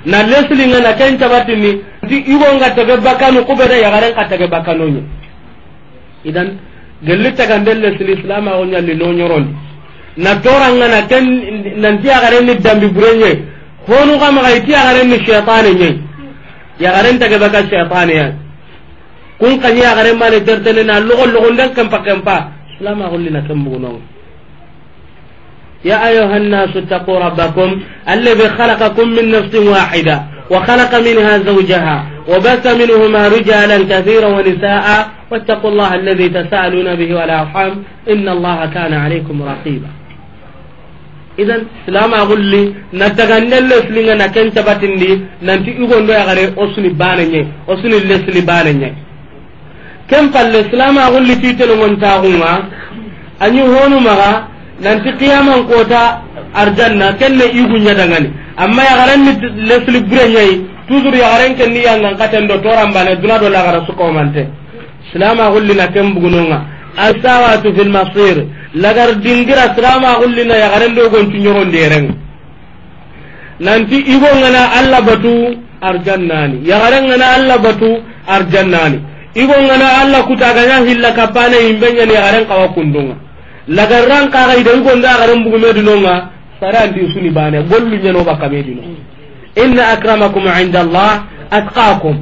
na leslinga na ken cabatini ti igonga tage bakkanu kubeda yagaren ka tage bakkanoñi idan gelli taganden lesli ko ñalli no ñorondi na toranga na ken nanti yagarenni dambi bureñe honu ga ni iti yagarenni cheitane ñei yagaren tage baka cheitane ya kun kan kañi yagaren mane dertene na logo logonden kempa kempa silamagollina ken bugunonga يا أيها الناس اتقوا ربكم الذي خلقكم من نفس واحدة وخلق منها زوجها وبث منهما رجالا كثيرا ونساء واتقوا الله الذي تساءلون به والأرحام إن الله كان عليكم رقيبا إذا سلام أقول لي نتغنى اللسلين نكن تبتني ننتي يقول لي أغري أصني بانني أصني اللسلي بانني كم فالإسلام أقول لي تيتلون تاغوما أني هونو مغا nanti qiyaman kota arjanna kenne igunya dangani amma ya garan lesli burenyai toujours ya garan kenni yangan katen do toran bane duna do lagara su komante silama gullina kem bugunonga asawatu fil masir lagar dingira silama gullina ya garan do gon tunyoron dereng nanti igo ngana alla batu arjannani ya garan ngana alla batu arjannani igo ngana alla kutaganya hilla kapane imbenyani ya kundu nga. lagarran kaga idan gonda garan bugume dinonga saran di suni bane gollu nyano bakame dino inna akramakum inda allah atqakum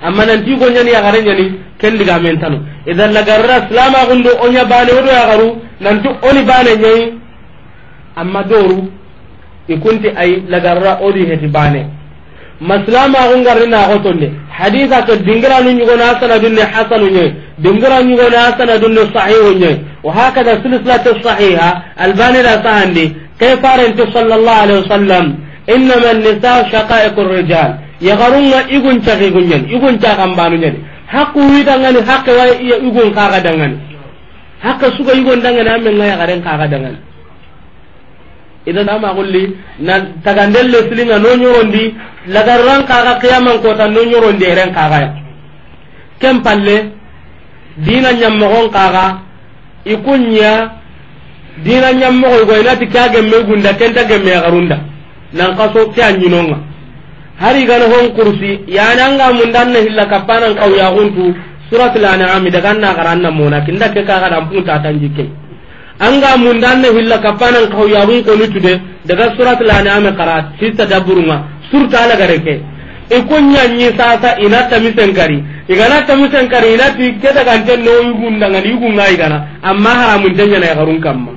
amma nan ti gonya ni garan nyani ken diga men tanu idan lagarra salama gundo onya bane odo ya garu nan ti oni bane nyai amma doru ikunti ay lagarra odi heti bane maslama gungarni naxotonde hadisa ke dingiranu ñugone hasanadunne hasanu ñoy dingira ñugone hasanadunne sahihu ñoy wahakada silsilate sahiha albani da sahandi kay farenti sallallahu alaihi wasallam innama annisa shaqaiqu rijal yagarunga igun cakigunñani igun cakambanuñani hakku hakke wa igun kaga suga kaga idan da magulli na tagandel le silinga no nyorondi lagarran kaga qiyaman ko tan no nyorondi ren ka kaga kem palle dina nyammo gon kaga ikunya dina nyammo go go inati kage me gunda kenta ge me garunda nan kaso kya nyinonga hari gana hon kursi yananga mundan ne hilla kapanan kaw ya guntu suratul an'am daga na garanna mona kinda ke kaga dan punta tanjike anga munda anne hilla kapanan kaw yarun ko lutu de daga surat al-an'am qara sita daburunga surta ala gareke e kunya nyi sasa ina tamisen kari igana tamisen kari ina ti keda kan ten no yugunda ngani yugunga igana amma haramun tanya na garun kamma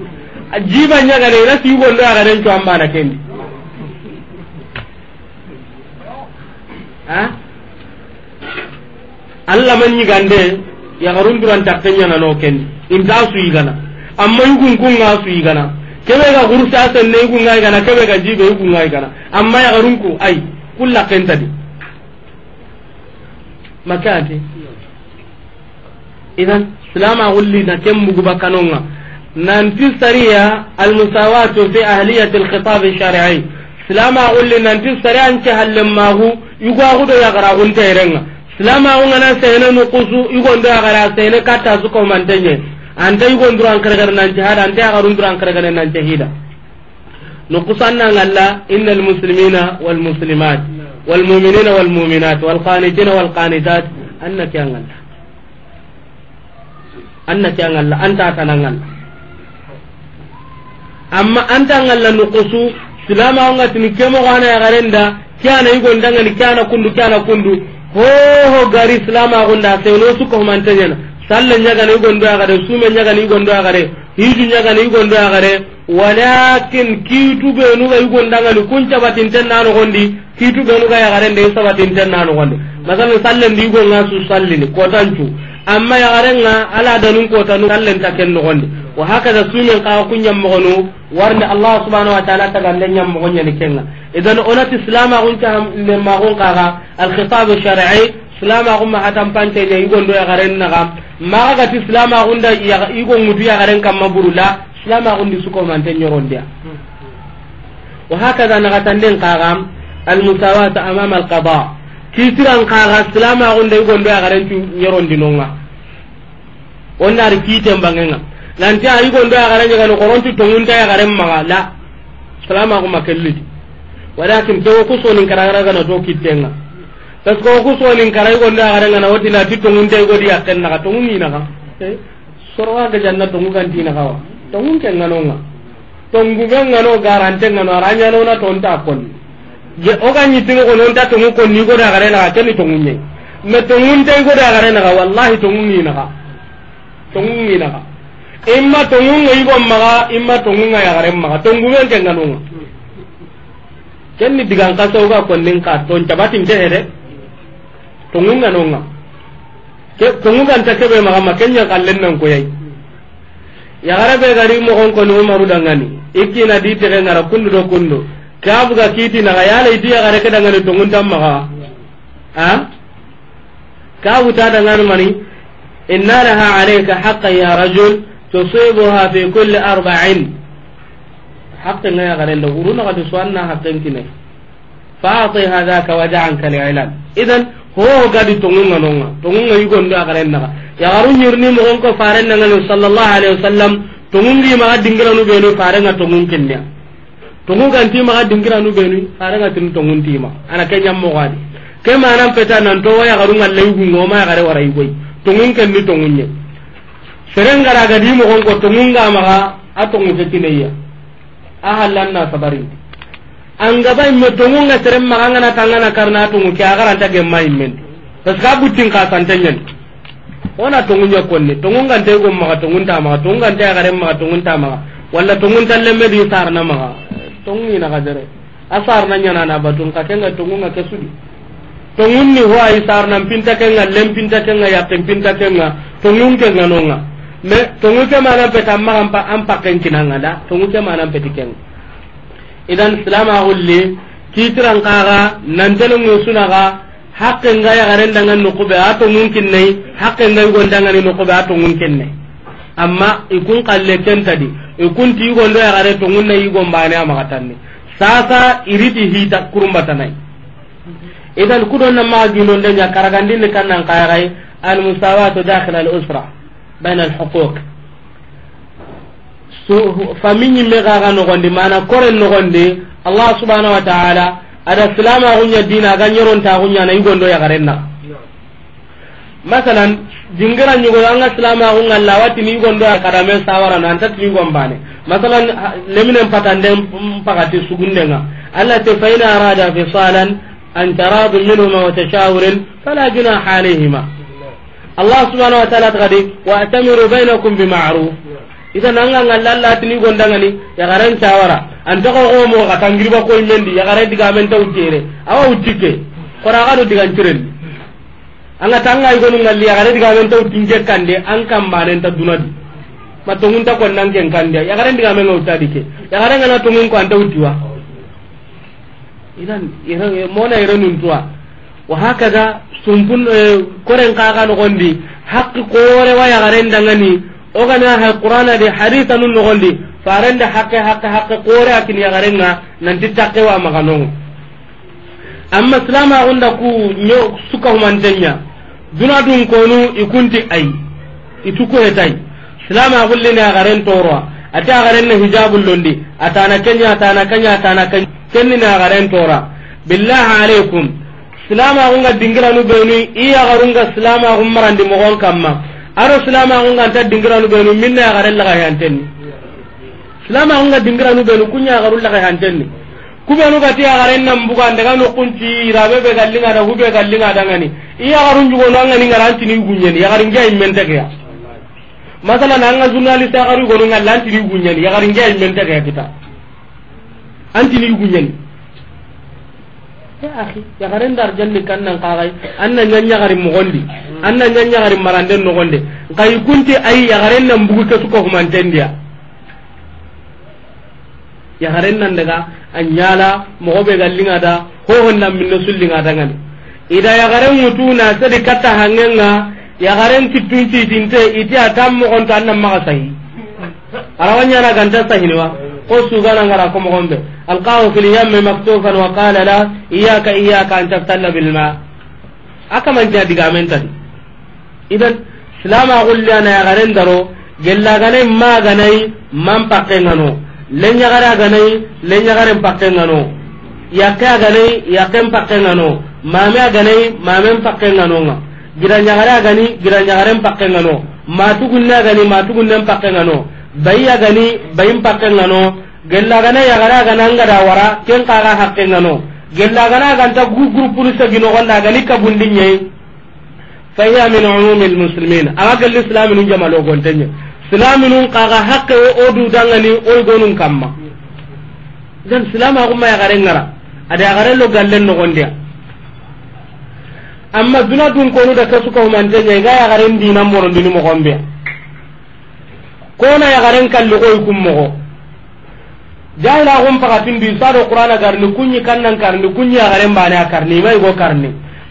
ajiba nya gare ina ti yugondo aga den to amma na kendi ha Allah man gande ya garun duran takkenya na no kendi da su gana. amma yugun kunga su igana kebe ga gursa asan ne yugun ngai gana kebe ga jibe yugun ngai gana amma ya garunku ai kulla kenta di makati idan silama wulli na kem bugu bakanonga nanti sariya al almusawatu fi ahliyati alkhitab alshar'i silama wulli nanti sariya anke hallemahu yugo hudo ya gara gunta irenga silama wunga na sayna nuqusu yugo ndo ya gara sayna kata su ko mantenye anta yugo ndura an kare nan jihad anta ya garun ndura an kare nan jihada kusanna ngalla innal muslimina wal muslimat wal mu'minina wal mu'minat wal qanitina wal qanitat annaka ngalla annaka ngalla anta tanangal amma anta ngalla kusu silama onga tini kemo wana ya garenda kiana yugo ndanga ni kiana kundu kiana kundu ho ho gari silama gonda no su ko mantanyana salle ñagana i gondo agare sume ñagana i gondo hiji hiju ñagana i gondo agare walakin kiitu ɓenuga i gondangani kun cabatinten na nogondi kiitu ɓenuga yagare nde i sabatinten na nogondi masalan salle gon igonga su sallini kotancu amma yagarenga ala danun kotanu sallenta ken nogondi wa hakaza sumen kaa ku ñammogonu warnde allah subhanau wa taala tagande ñammogo ñani kenga idan onati silamagun cahamlemagun kaga alkhitabe sharci silama ko ma hatam pante ne igon do na kam ma ga ti silama ko nda igon mutu silama ko ndi suko man dia wa hakaza na gatan den al musawata al qada silama ko nda igon do ri kitem bangenga do ga no ma la silama ko makelli walakin to ko so nin karagara ga no kitenga tas ko ku so nin karai gondo a ngana na tina eh? na titto mun dai godi ya kan na to mun ina ka sorwa ga janna to mun kan tina ka wa to mun kan ngano nga to ngugan ngano garante ngano aranya no na to nta kon je o ga ni tinu ko non ta to mun kon ni goda garan na kan ni to mun ne me to mun dai goda garan na wallahi to mun ina ka to mun ina ka imma to mun ngai go maga imma to mun ngai garan maga to ngugan kan ngano nga kenni digan kaso ga kon ka to ntabatin de he de tongunga nonga ke tongunga ta kebe ma kenya kallen nan koyai yayi ya garabe gari mo gon ko no maru dangani ikina di tege ngara kundu do kundu kabu ga kiti na yala idi ya gare kada ngani tongun tam maga ha kabu ta dangani mani inna laha alayka haqqan ya rajul tusibuha fi kulli arba'in haqqan ya gare ndo uruna ga to suanna haqqan kinai fa'ati hadaka waja'an kal ilan idan ho gadi tongunga nonga tongunga ka agarennaga yagaru ñirni mogon ko farennangani sallallahu alaihi wasallam tongungi maga dingiranu benu farenga tongun kenya tongun ganti maga dingiranu benu farenga tin tongun tima ana kenya mogadi ke ma manan peta nan to waya garu ngalle yugungo ma gare warai goy tongun kenni tongunye ra gadi mogon ko tongunga maga atongu ketineya ahallanna sabarinti angaba imme tongunga serem magangana tangana karna tungu ke agaranta gemma immen parce que abutin ka santenyen ona tongunya konni tongunga nte go maga tongunta maga tongunga nte agare maga tongunta maga walla tongunta lemme di sarna maga tongungi na gajere asar na nyana na batun ka kenga nga kesudi tongunni ho ay sarna pinta kenga lem pinta kenga ya pinta kenga tongun kenga nonga me tongu ke mana peta maga ampa ampa kenkinanga da tongu ke mana peti kenga idan silama gulli kitiran kaga nan telungu sunaga hakken ga yagaren dangan nukube ato mungkin nei hakken ga yugon dangan nukube ato mungkin nei amma ikun kalle tadi ikun ti yugon do yagare to ngunna yugon bane amakatanni sasa iriti hita kurumbatanai idan kudon na magino din kan nan kayagai al musawatu dakhil al usra bain al huquq faminyimme kaga nogondi mana koren nogondi allah subhanau wa taala ada silamaxunya dina aga ñerontaxuñana igondo yagarenna masalan jingira ñugoyo anga silamaxunga lawatini igondo yakadame sawarano antatini igon bane masalan leminen patande mpagati sugundenga allah te fa in arada fisalan an taradu minhuma wa tashawurin fala junaha alayhima allah subhanau wa taala tagadi wa'tamiru bainakum bimacruf ida nanga ngalla la tini gonda ngani ya garan tawara an to ko mo ka tangiri ba ko mendi ya garan diga men taw tere awa utike kora ga do diga tiren anga tanga i gonu ngalli ya garan diga men taw tinje kande an kam banen ta dunadi matongun ta ko nan ken kande ya garan diga men ngauta dike ya garan ngana tongun ko an taw tiwa idan iran mona iran tuwa wa hakaza sumpun eh, koren kaga no gondi hakki kore wa ya garan dangani ogana ha qur'ana de haditha nun nogondi farenda hakke hakke hakke qore akin ya garenga nanti takke wa maganongo amma islama onda ku nyo suka humantenya duna dun konu ikunti ai ituko hetai islama gulle na garen torwa ata garen na hijabul londi atana kenya atana kenya atana kenya kenni na garen tora billahi alaikum islama gunga dingira nu benu iya garunga islama gumarandi mogon kamma aro silama ko nganta dingira nu benu minna ya garella ga yantenni silama ko nganta dingira nu benu kunya garulla ga yantenni kubenu gati ya garen nan buga daga no kunti rabe be gallinga da hube gallinga da ngani iya garun jugo no ngani ngaranti ni gunyeni ya garin gay men tege masala na nga jurnalist ya garu gonu ngalanti ni gunyeni ya garin gay men tege kita anti ni gunyeni ya akhi ya garen dar jalli kannan qagai anna nyanya garin mugondi anna nyanya garin marande no gonde kai kunti ay ya nan bugu ke suka humanten dia ya garen nan daga anyala mogobe gallinga da ho honna minno sulli da ngani ida ya mutu mutuna sadi kata hangenga ya garen kitunti dinte iti atam mo on tan nan magasai arawanya na ganta sahilwa ko sugana ngara ko mogonɓe alqahu fil yamme maktufan wa qala la iyaka iyaka an tabtalla bilma akamantina digamen tati idan silama gullianaya garen daro gellaganai maganai man pakke ngano lenyagare aganai lenyagaren pakke ngano yakke aganai yakken pakke ngano mame aganai mamen ngano nga giranyagare agani giranyagaren pakke ngano matugunne agani matugunnen pakke ngano baya gani bayin pakken ngano gella gana ya gara gana da wara ken kaga hakke ngano gella gana ganta gu groupe ni sagino gonda gani bundin nyai fa hiya min umumil muslimin aga gal islam nun jamalo gontenya islam nun kaga hakke o odu dangani o gonun kamma dan islam agum ma ya gare ngara ada gare lo gallen no gondia amma duna dun ko nu da kasu ko man tanya ga ya gare ndina moron dinu mo gombe kona yagaren kalligoy kummogo jahilagun pakatindu sado qur'ana garni kunyi kannan karni kunyi yagaren bane a karni mai igo karni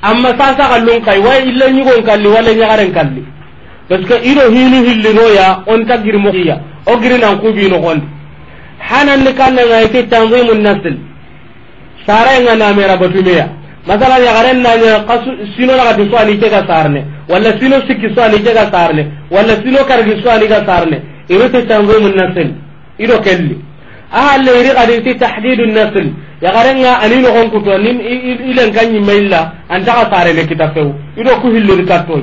amma sasa kallun kai wa illa nyigon kalli wala yagaren kalli parce que ido hinu hillinoya on tagiri mokiya o girin an giri nan kubinogondi hananni kannangaiti tanzimu nasl saraenga namera batumeya masala yagaren naña kasu sino nagati so ani kega sarne walla sino sikki so ani kega sarne walla sino kargi so ani ga sarne irti tanzim an-nasl ido kelli ahalle iri gadi ti tahdid an ya garenga ani no gon kuto nin ilen kanyi mailla anta ka sare ne kita ido ku hillur katto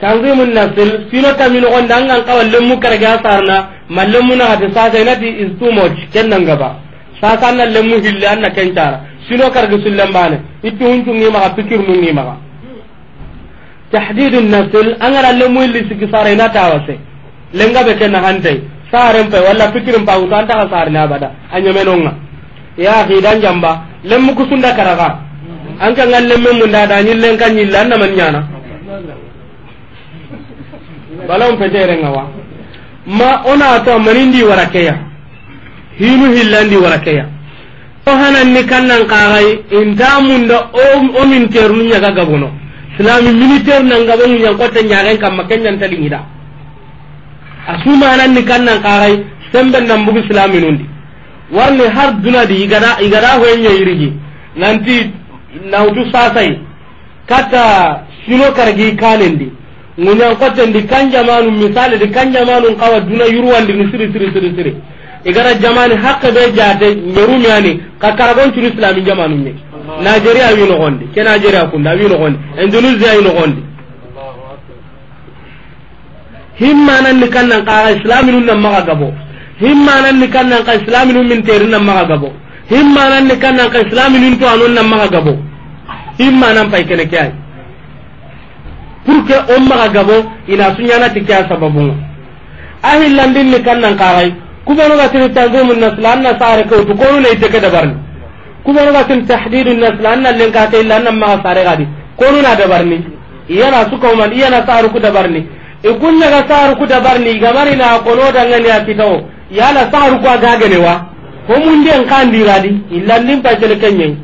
tanzim an-nasl sino tamino gon dangan kawalle mu karga sarna mallemu na hadi sa sai nati is too much kennan gaba sa sa nan lemu hille anna kencara sino karga sullan bane ittu huntu ngi maka fikir nu ngi maka tahdid an angara lemu illi sikisare na tawase lenga be ken hande saaren pe wala fikirin pa uta anta sar na bada anya menonga ya fi dan jamba lem ku sunda karaga an kan ngal lem mun da da nyilen kan nyilan na man nyana balon pe tere ngawa ma ona ta marindi warakeya hinu hillandi warakeya to hanan ni kannan kagai inda mun da o min terunya ga gabono islami militer nan gabon nyaga ko tan nyaga kan makenyan tadi ngida asumanan ni kannan kagai semben nan bugu nundi warne har dunadi igara igada hoyenye irigi nanti nautu sasai kata sino kargi kanendi ngunya kotendi kan jamanu misali di kan jamanu kawa duna yurwandi di siri siri siri siri igara jamani hakka be jate nyerumiani ka karagon curu islami jamanu nye Nigeria wi no ke Nigeria kunda wi no gondi Indonesia wi no himmanan ni kan kannan islami nun nan maga gabo himmanan ni kan kannan islami nun min terin nan maga gabo himmanan ni kan kannan islami nun to anun nan maga gabo himmanan pai kene kyai pour que on maga gabo ina sunyana tikya lan din ni kan kannan karai kubanu ga tin tanzimun nasl na sare ko to ko ne teke da barni kubanu ga tin tahdidun nasl na len ka te lan anna maga sare gadi ko na dabar ni iya na su ko man iya na sare ku dabar ni. igunna ga saru ku dabarni gamari na kono dangane ya kitao yala saru ku gane wa ko mun den kan diradi illan dim pajele kenyen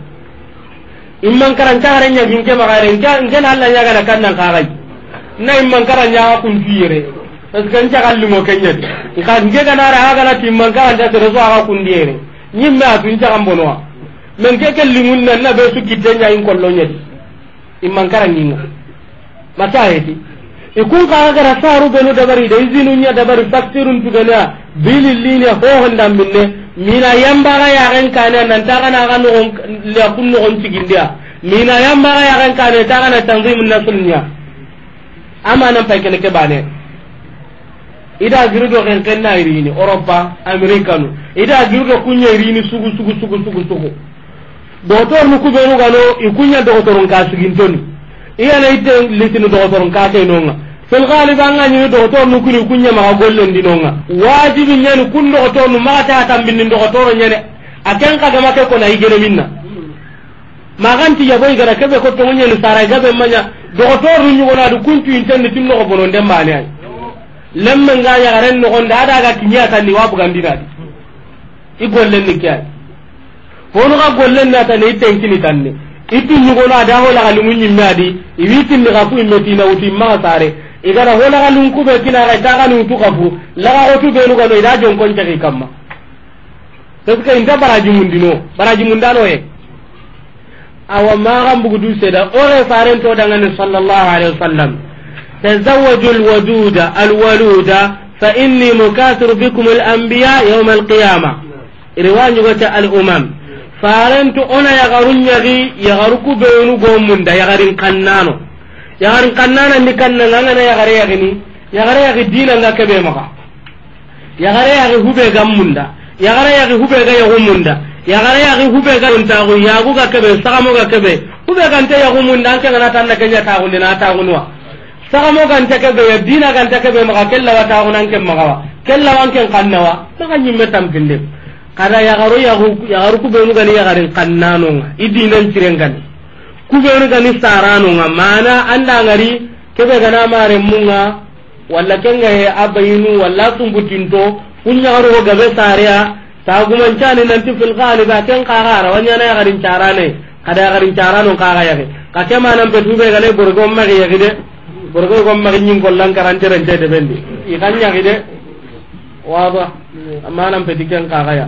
imman karan tagare nya ginke magare ngen alla nya ga kan nan kagai na imman karan nya kun fiire es kan ta kallumo kenyen ka nge ga nara aga na timman karan da tere so aga kun diere nyimme atun ta kan bonwa men ke ke limun nan na be su kidenya in kollonya imman karan ninga mata heti e kun kaga gara saru benu dabari da izinu nya dabari baktirun bili linya ho handa minne mina yamba ga ka kana nan ta kana ga no la kunno on tigindia mina yamba ga ka kane ta kana tanzimun nasulnya ama nan fa kene ke bane ida girudo ren ken na irini europa america no ida girudo kunya irini sugu sugu sugu sugu sugu dotor nu ga no ikunya dokotorun iya na ite litini ka kate nonga fil ghalib an ganyu do to nu kuni kunya ma gollen dinonga wajibi nyani kun do to nu ma ta tan bin do to nyane akan ka ga make ko na igere minna maganti ya boy gara kebe ko to nyani sara gabe manya do to ru nyu wona du kuntu intende tin no bonon de mane ay lemme nga ya garen no gonda ada ga kinya tan ni wabu gandina di i gollen ni kya hono ga gollen na tan ni tenkini tan ni itu nyugo na da hola ga limunyi madi iwitin ni ga ku imeti na uti ma sare igara ho laga lunku be kina ra daga nun tu kabu laga ho tu be lu gano ida jon kon tagi kamma tes ka inda baraji mun dino baraji mun dano e awa ma gam bugu du seda re faren to daga ne sallallahu alaihi wasallam tazawwajul waduda alwaluda fa inni mukathiru bikum al-anbiya yawm al-qiyamah riwanyu gota al-umam farentu ona yagarunyagi yagaruku beenu gomunda garin kannano yagarin kannana ndi kanna ngana yagare yagini yagare yagi dina nga kebe maka yagare yagi hube ga munda yagare yagi hube ga yagu munda yagare yagi hube ga ntagu yagu ga kebe sagamo ga kebe hube ga nte yagu munda anke ngana tanna kenya tagu ndina tagu nuwa sagamo ga nte kebe ya dina ga nte kebe maka kella wa tagu nanke maka wa kella wa anke kanna wa maka nyimme tampinde kada yagaru yagu yagaru kube nu gani yagarin kannano nga idinan cirengani ni gani saranunga mana anda ngari kebe gana mare munga walla kenga he abayinu walla tumbutinto kunyagaru ho gabe sareya saguman cani nanti fil ghaliba ken qara wanya na garin carane kada garin carano qara yake ka kema nan be dube gane borgo magi yake de borgo ko magi nyin gollan karante rente de bendi ikanya gide waba amma nan be diken qara ya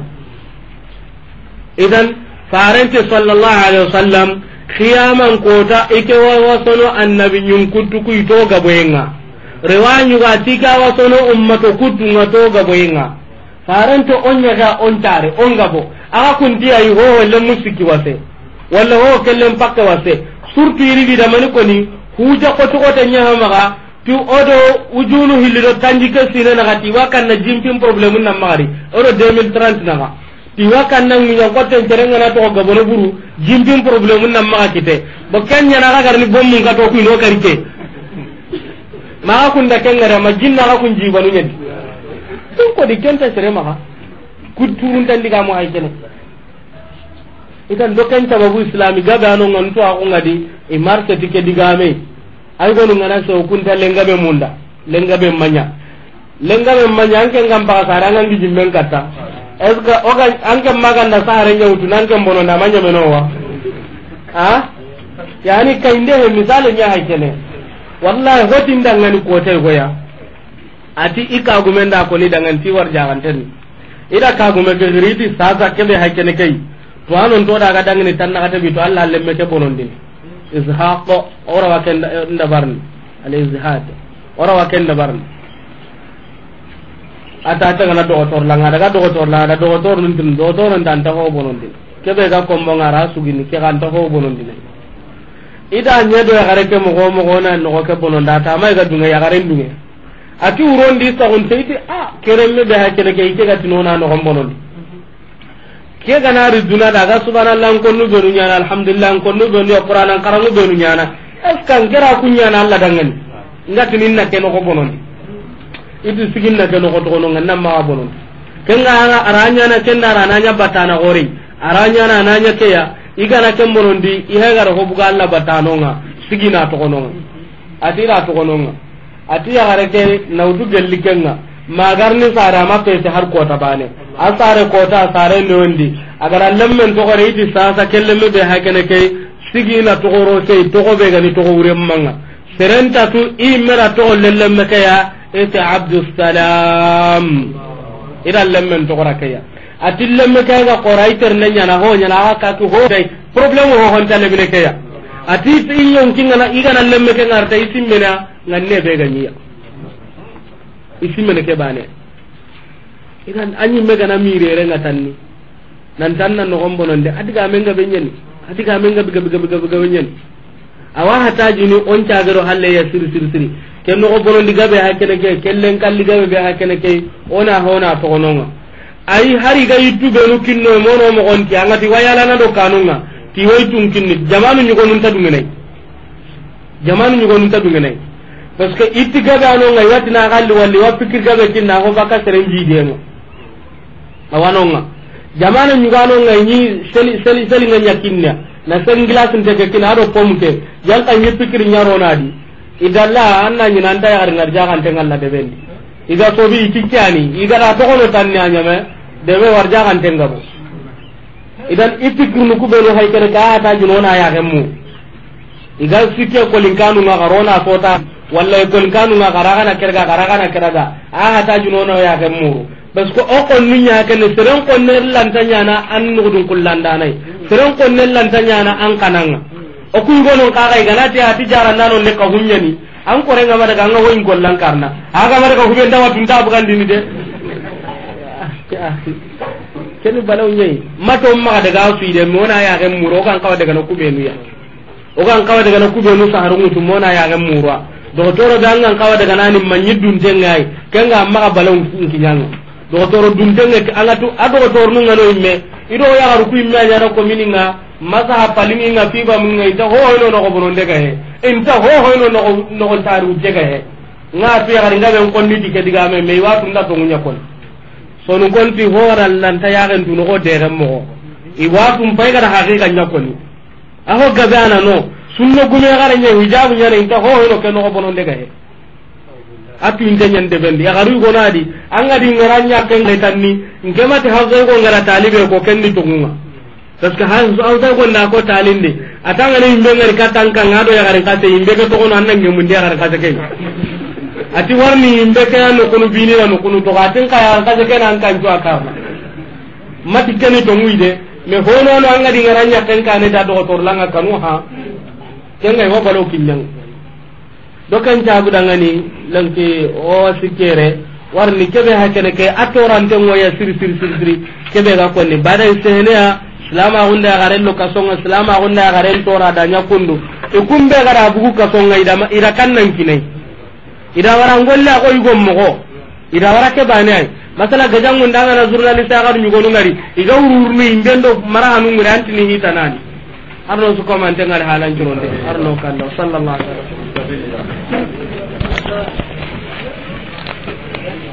idan farenti sallallahu alaihi wasallam kiyaman kota ike wasono annabi nyun kuttu ku ito gaboyenga rewanyu ga tika wasono ummato kuttu nga to gaboyenga farento onya ga ontare ongabo aga kuntiya yi ho wala musiki wase wala ho kelle mpaka wase surtu yiri di damani koni huja ko to kota nyaha maga tu odo ujunu hilido tanjike sine na gati wakan na jimpim problem na mari odo 2030 na tiwa kanna ngunyan koten na to gabone buru jimpin problem nan ma kite bo kenya na ga ni mun ka to no karite ma kun da kenga da majinna ka kun jibanu nyedi tun ko di ta sere ma ku turun tan diga mo ay idan itan do kenta babu islami ga ga non ngantu ako ngadi e marke tike diga me ay gonu ngana so kun ta lenga be munda lenga be manya lenga be manya anke ngam ba sarangan di jimben katta esga oga anke maganda sare nyawtu nanke mbono na manya menowa ha yani kainde he misale nya haykene wallahi hoti dangani ko tay goya ati ika gumenda ko ni dangan ti war jaganten ida ka gume ke giriti sasa kebe haykene kai to anon to daga dangani tan na katabi to Allah lemme ke bonondi izhaq ora wa barni al izhad ora wa barni ata ta gana dogotor la ngada ga dogotor la da dogotor nun tin dogotor nun tan ta ho bonon din ke be ga kombo ngara sugi ni ke kan ta ho bonon din ida nya do ya gare ke mo go mo go na no ke bonon da ta mai ga dunga ya gare dunga ati urondi sa on teiti a kere me be ha kere ke ite ga tinona no gombo non ke ga na ri duna da ga subhanallah ko nu be nu nyana alhamdulillah ko nu be nu qur'an kan nu be nu nyana es kan gera kunya na Allah dangan ngati ninna ke no go bonon itu siginna ke nogotogononga namaxa bononti kenga arañana kenda ara naña battana xorey arañana anaña keya igana ken bonondi ihegara ko buga allah battanonga sigina togononga atira togononga ati yagare ke nawtu gelli kenga magarni sare ama pese har kota bane a sare kota a sare ndewondi agara lemmen togore iti saasa kellemme ɓe ha kene key sigina togoro sei togo ɓe gani togo seren wuremmanga serentatu i mera togo lellemme keya ete abdusalam ida lemmen togora keya ati lemme kega kora ne ñana ho ñana axa katu hoday probléme ho honta lemine keya ati i yonkingana igana lemme ke ngarta i simmena nganne ɓega ñiya i simmene ke bane igan a ñimme gana mirerenga tanni nantan Adiga nogonbononde adigamenga ɓe ñani adigamenga bigabigabigabigaɓe ñani awa hatajini on cagero halle ya siri siri siri ken no borondi gabe ha kene ke kellen kalli gabe be ha kene ke ona hona to gononga ai hari ga yiddu be no kinno e mo no mo gonti angati wayala na do kanunga ti way tun kinni jamanu nyugo nun tadu ngene jamanu nyugo ta tadu ngene parce que itti gabe anonga yati na galli walli wa pikir gabe kinna ho baka seren jidemo awanonga jamanu nyugo anonga ni seli seli seli nganya kinna na sen glass nteke kinna ado pomke yanka nyi pikir nyaro di. idalla anna nyinanda ya ar ngarja kan tengal na debendi iga bi ikikyani iga ra to kono tan nya me debe warja kan tengabo idan nu ku belo hay kere ka ta na ya gemu iga sikke ko linkanu ma garona ta walla ko linkanu ma garaga na kerga garaga na kerga a ta na ya gemu bas ko o ni nya ke ne seren ko ne lantanya na an nugudun kullandana seren ko ne lantanya na an kananga o kungonon kaxay ganati ati ya, jarannano leka hunñani an ngama daga anga woyin gollan karna agama daga huɓe ndawa tunta dini de keni balaw ñayi mato ma daga de mona ga ya muro kan kawa daga no kubenu ya kan kawa daga sa kuɓenu saharungutu mona yaxen murwa dogotoro be angan kawa daga nani mañi duntengayi kenga ma balaw nkiñanga dogotoro duntenge angatu jengai, dogotoro nungano imme ido yaxaru ku yimme ya ñana commune masaha palimi nga fiba mun nga ita hohoyno nogo bononde ga he inta hohoyno nogo nogo tari ujje ga he nga fi gari nga ben konni dike diga me me wa tunda to ngunya kon so nun kon ti hora lan ta ya gen tuno go dere mo i wa tum pai gara hage ga nya kon aho ga bana no sunno gume gara nya hijabu nya inta hohoyno ke nogo bononde ga he atu inte nyande bendi ya garu go nadi anga di ngaranya ken ga tanni ngemati hazo go ngara talibe ko kenni to ngunga parce que hay so awta golla ko talinde atanga ni imbe ngari katan kan ngado ya garin kase imbe ko tokono annan ngem ndi garin kase ken ati warni imbe ka no kunu bini na no kunu to gatin ka ya kase ken an kan jwa ka mati ken to muide me hono no anga di ngaranya ken kan da do to langa kanu ha ken ngai ho balo kinyang dokan ta gudangani lanke o sikere warni kebe hakene ke atorante ngoya sir sir sir sir kebe ga konni bada ya. silama hunde garen lo kasonga silama hunde garen tora da e gara bugu kasonga ida ida kannan kinai ida wara ko yugo mogo ida wara ke bane masala na journalist agar nyugo ngari iga ururnu imbendo mara hanu antini arno su komante halan arno sallallahu alaihi wasallam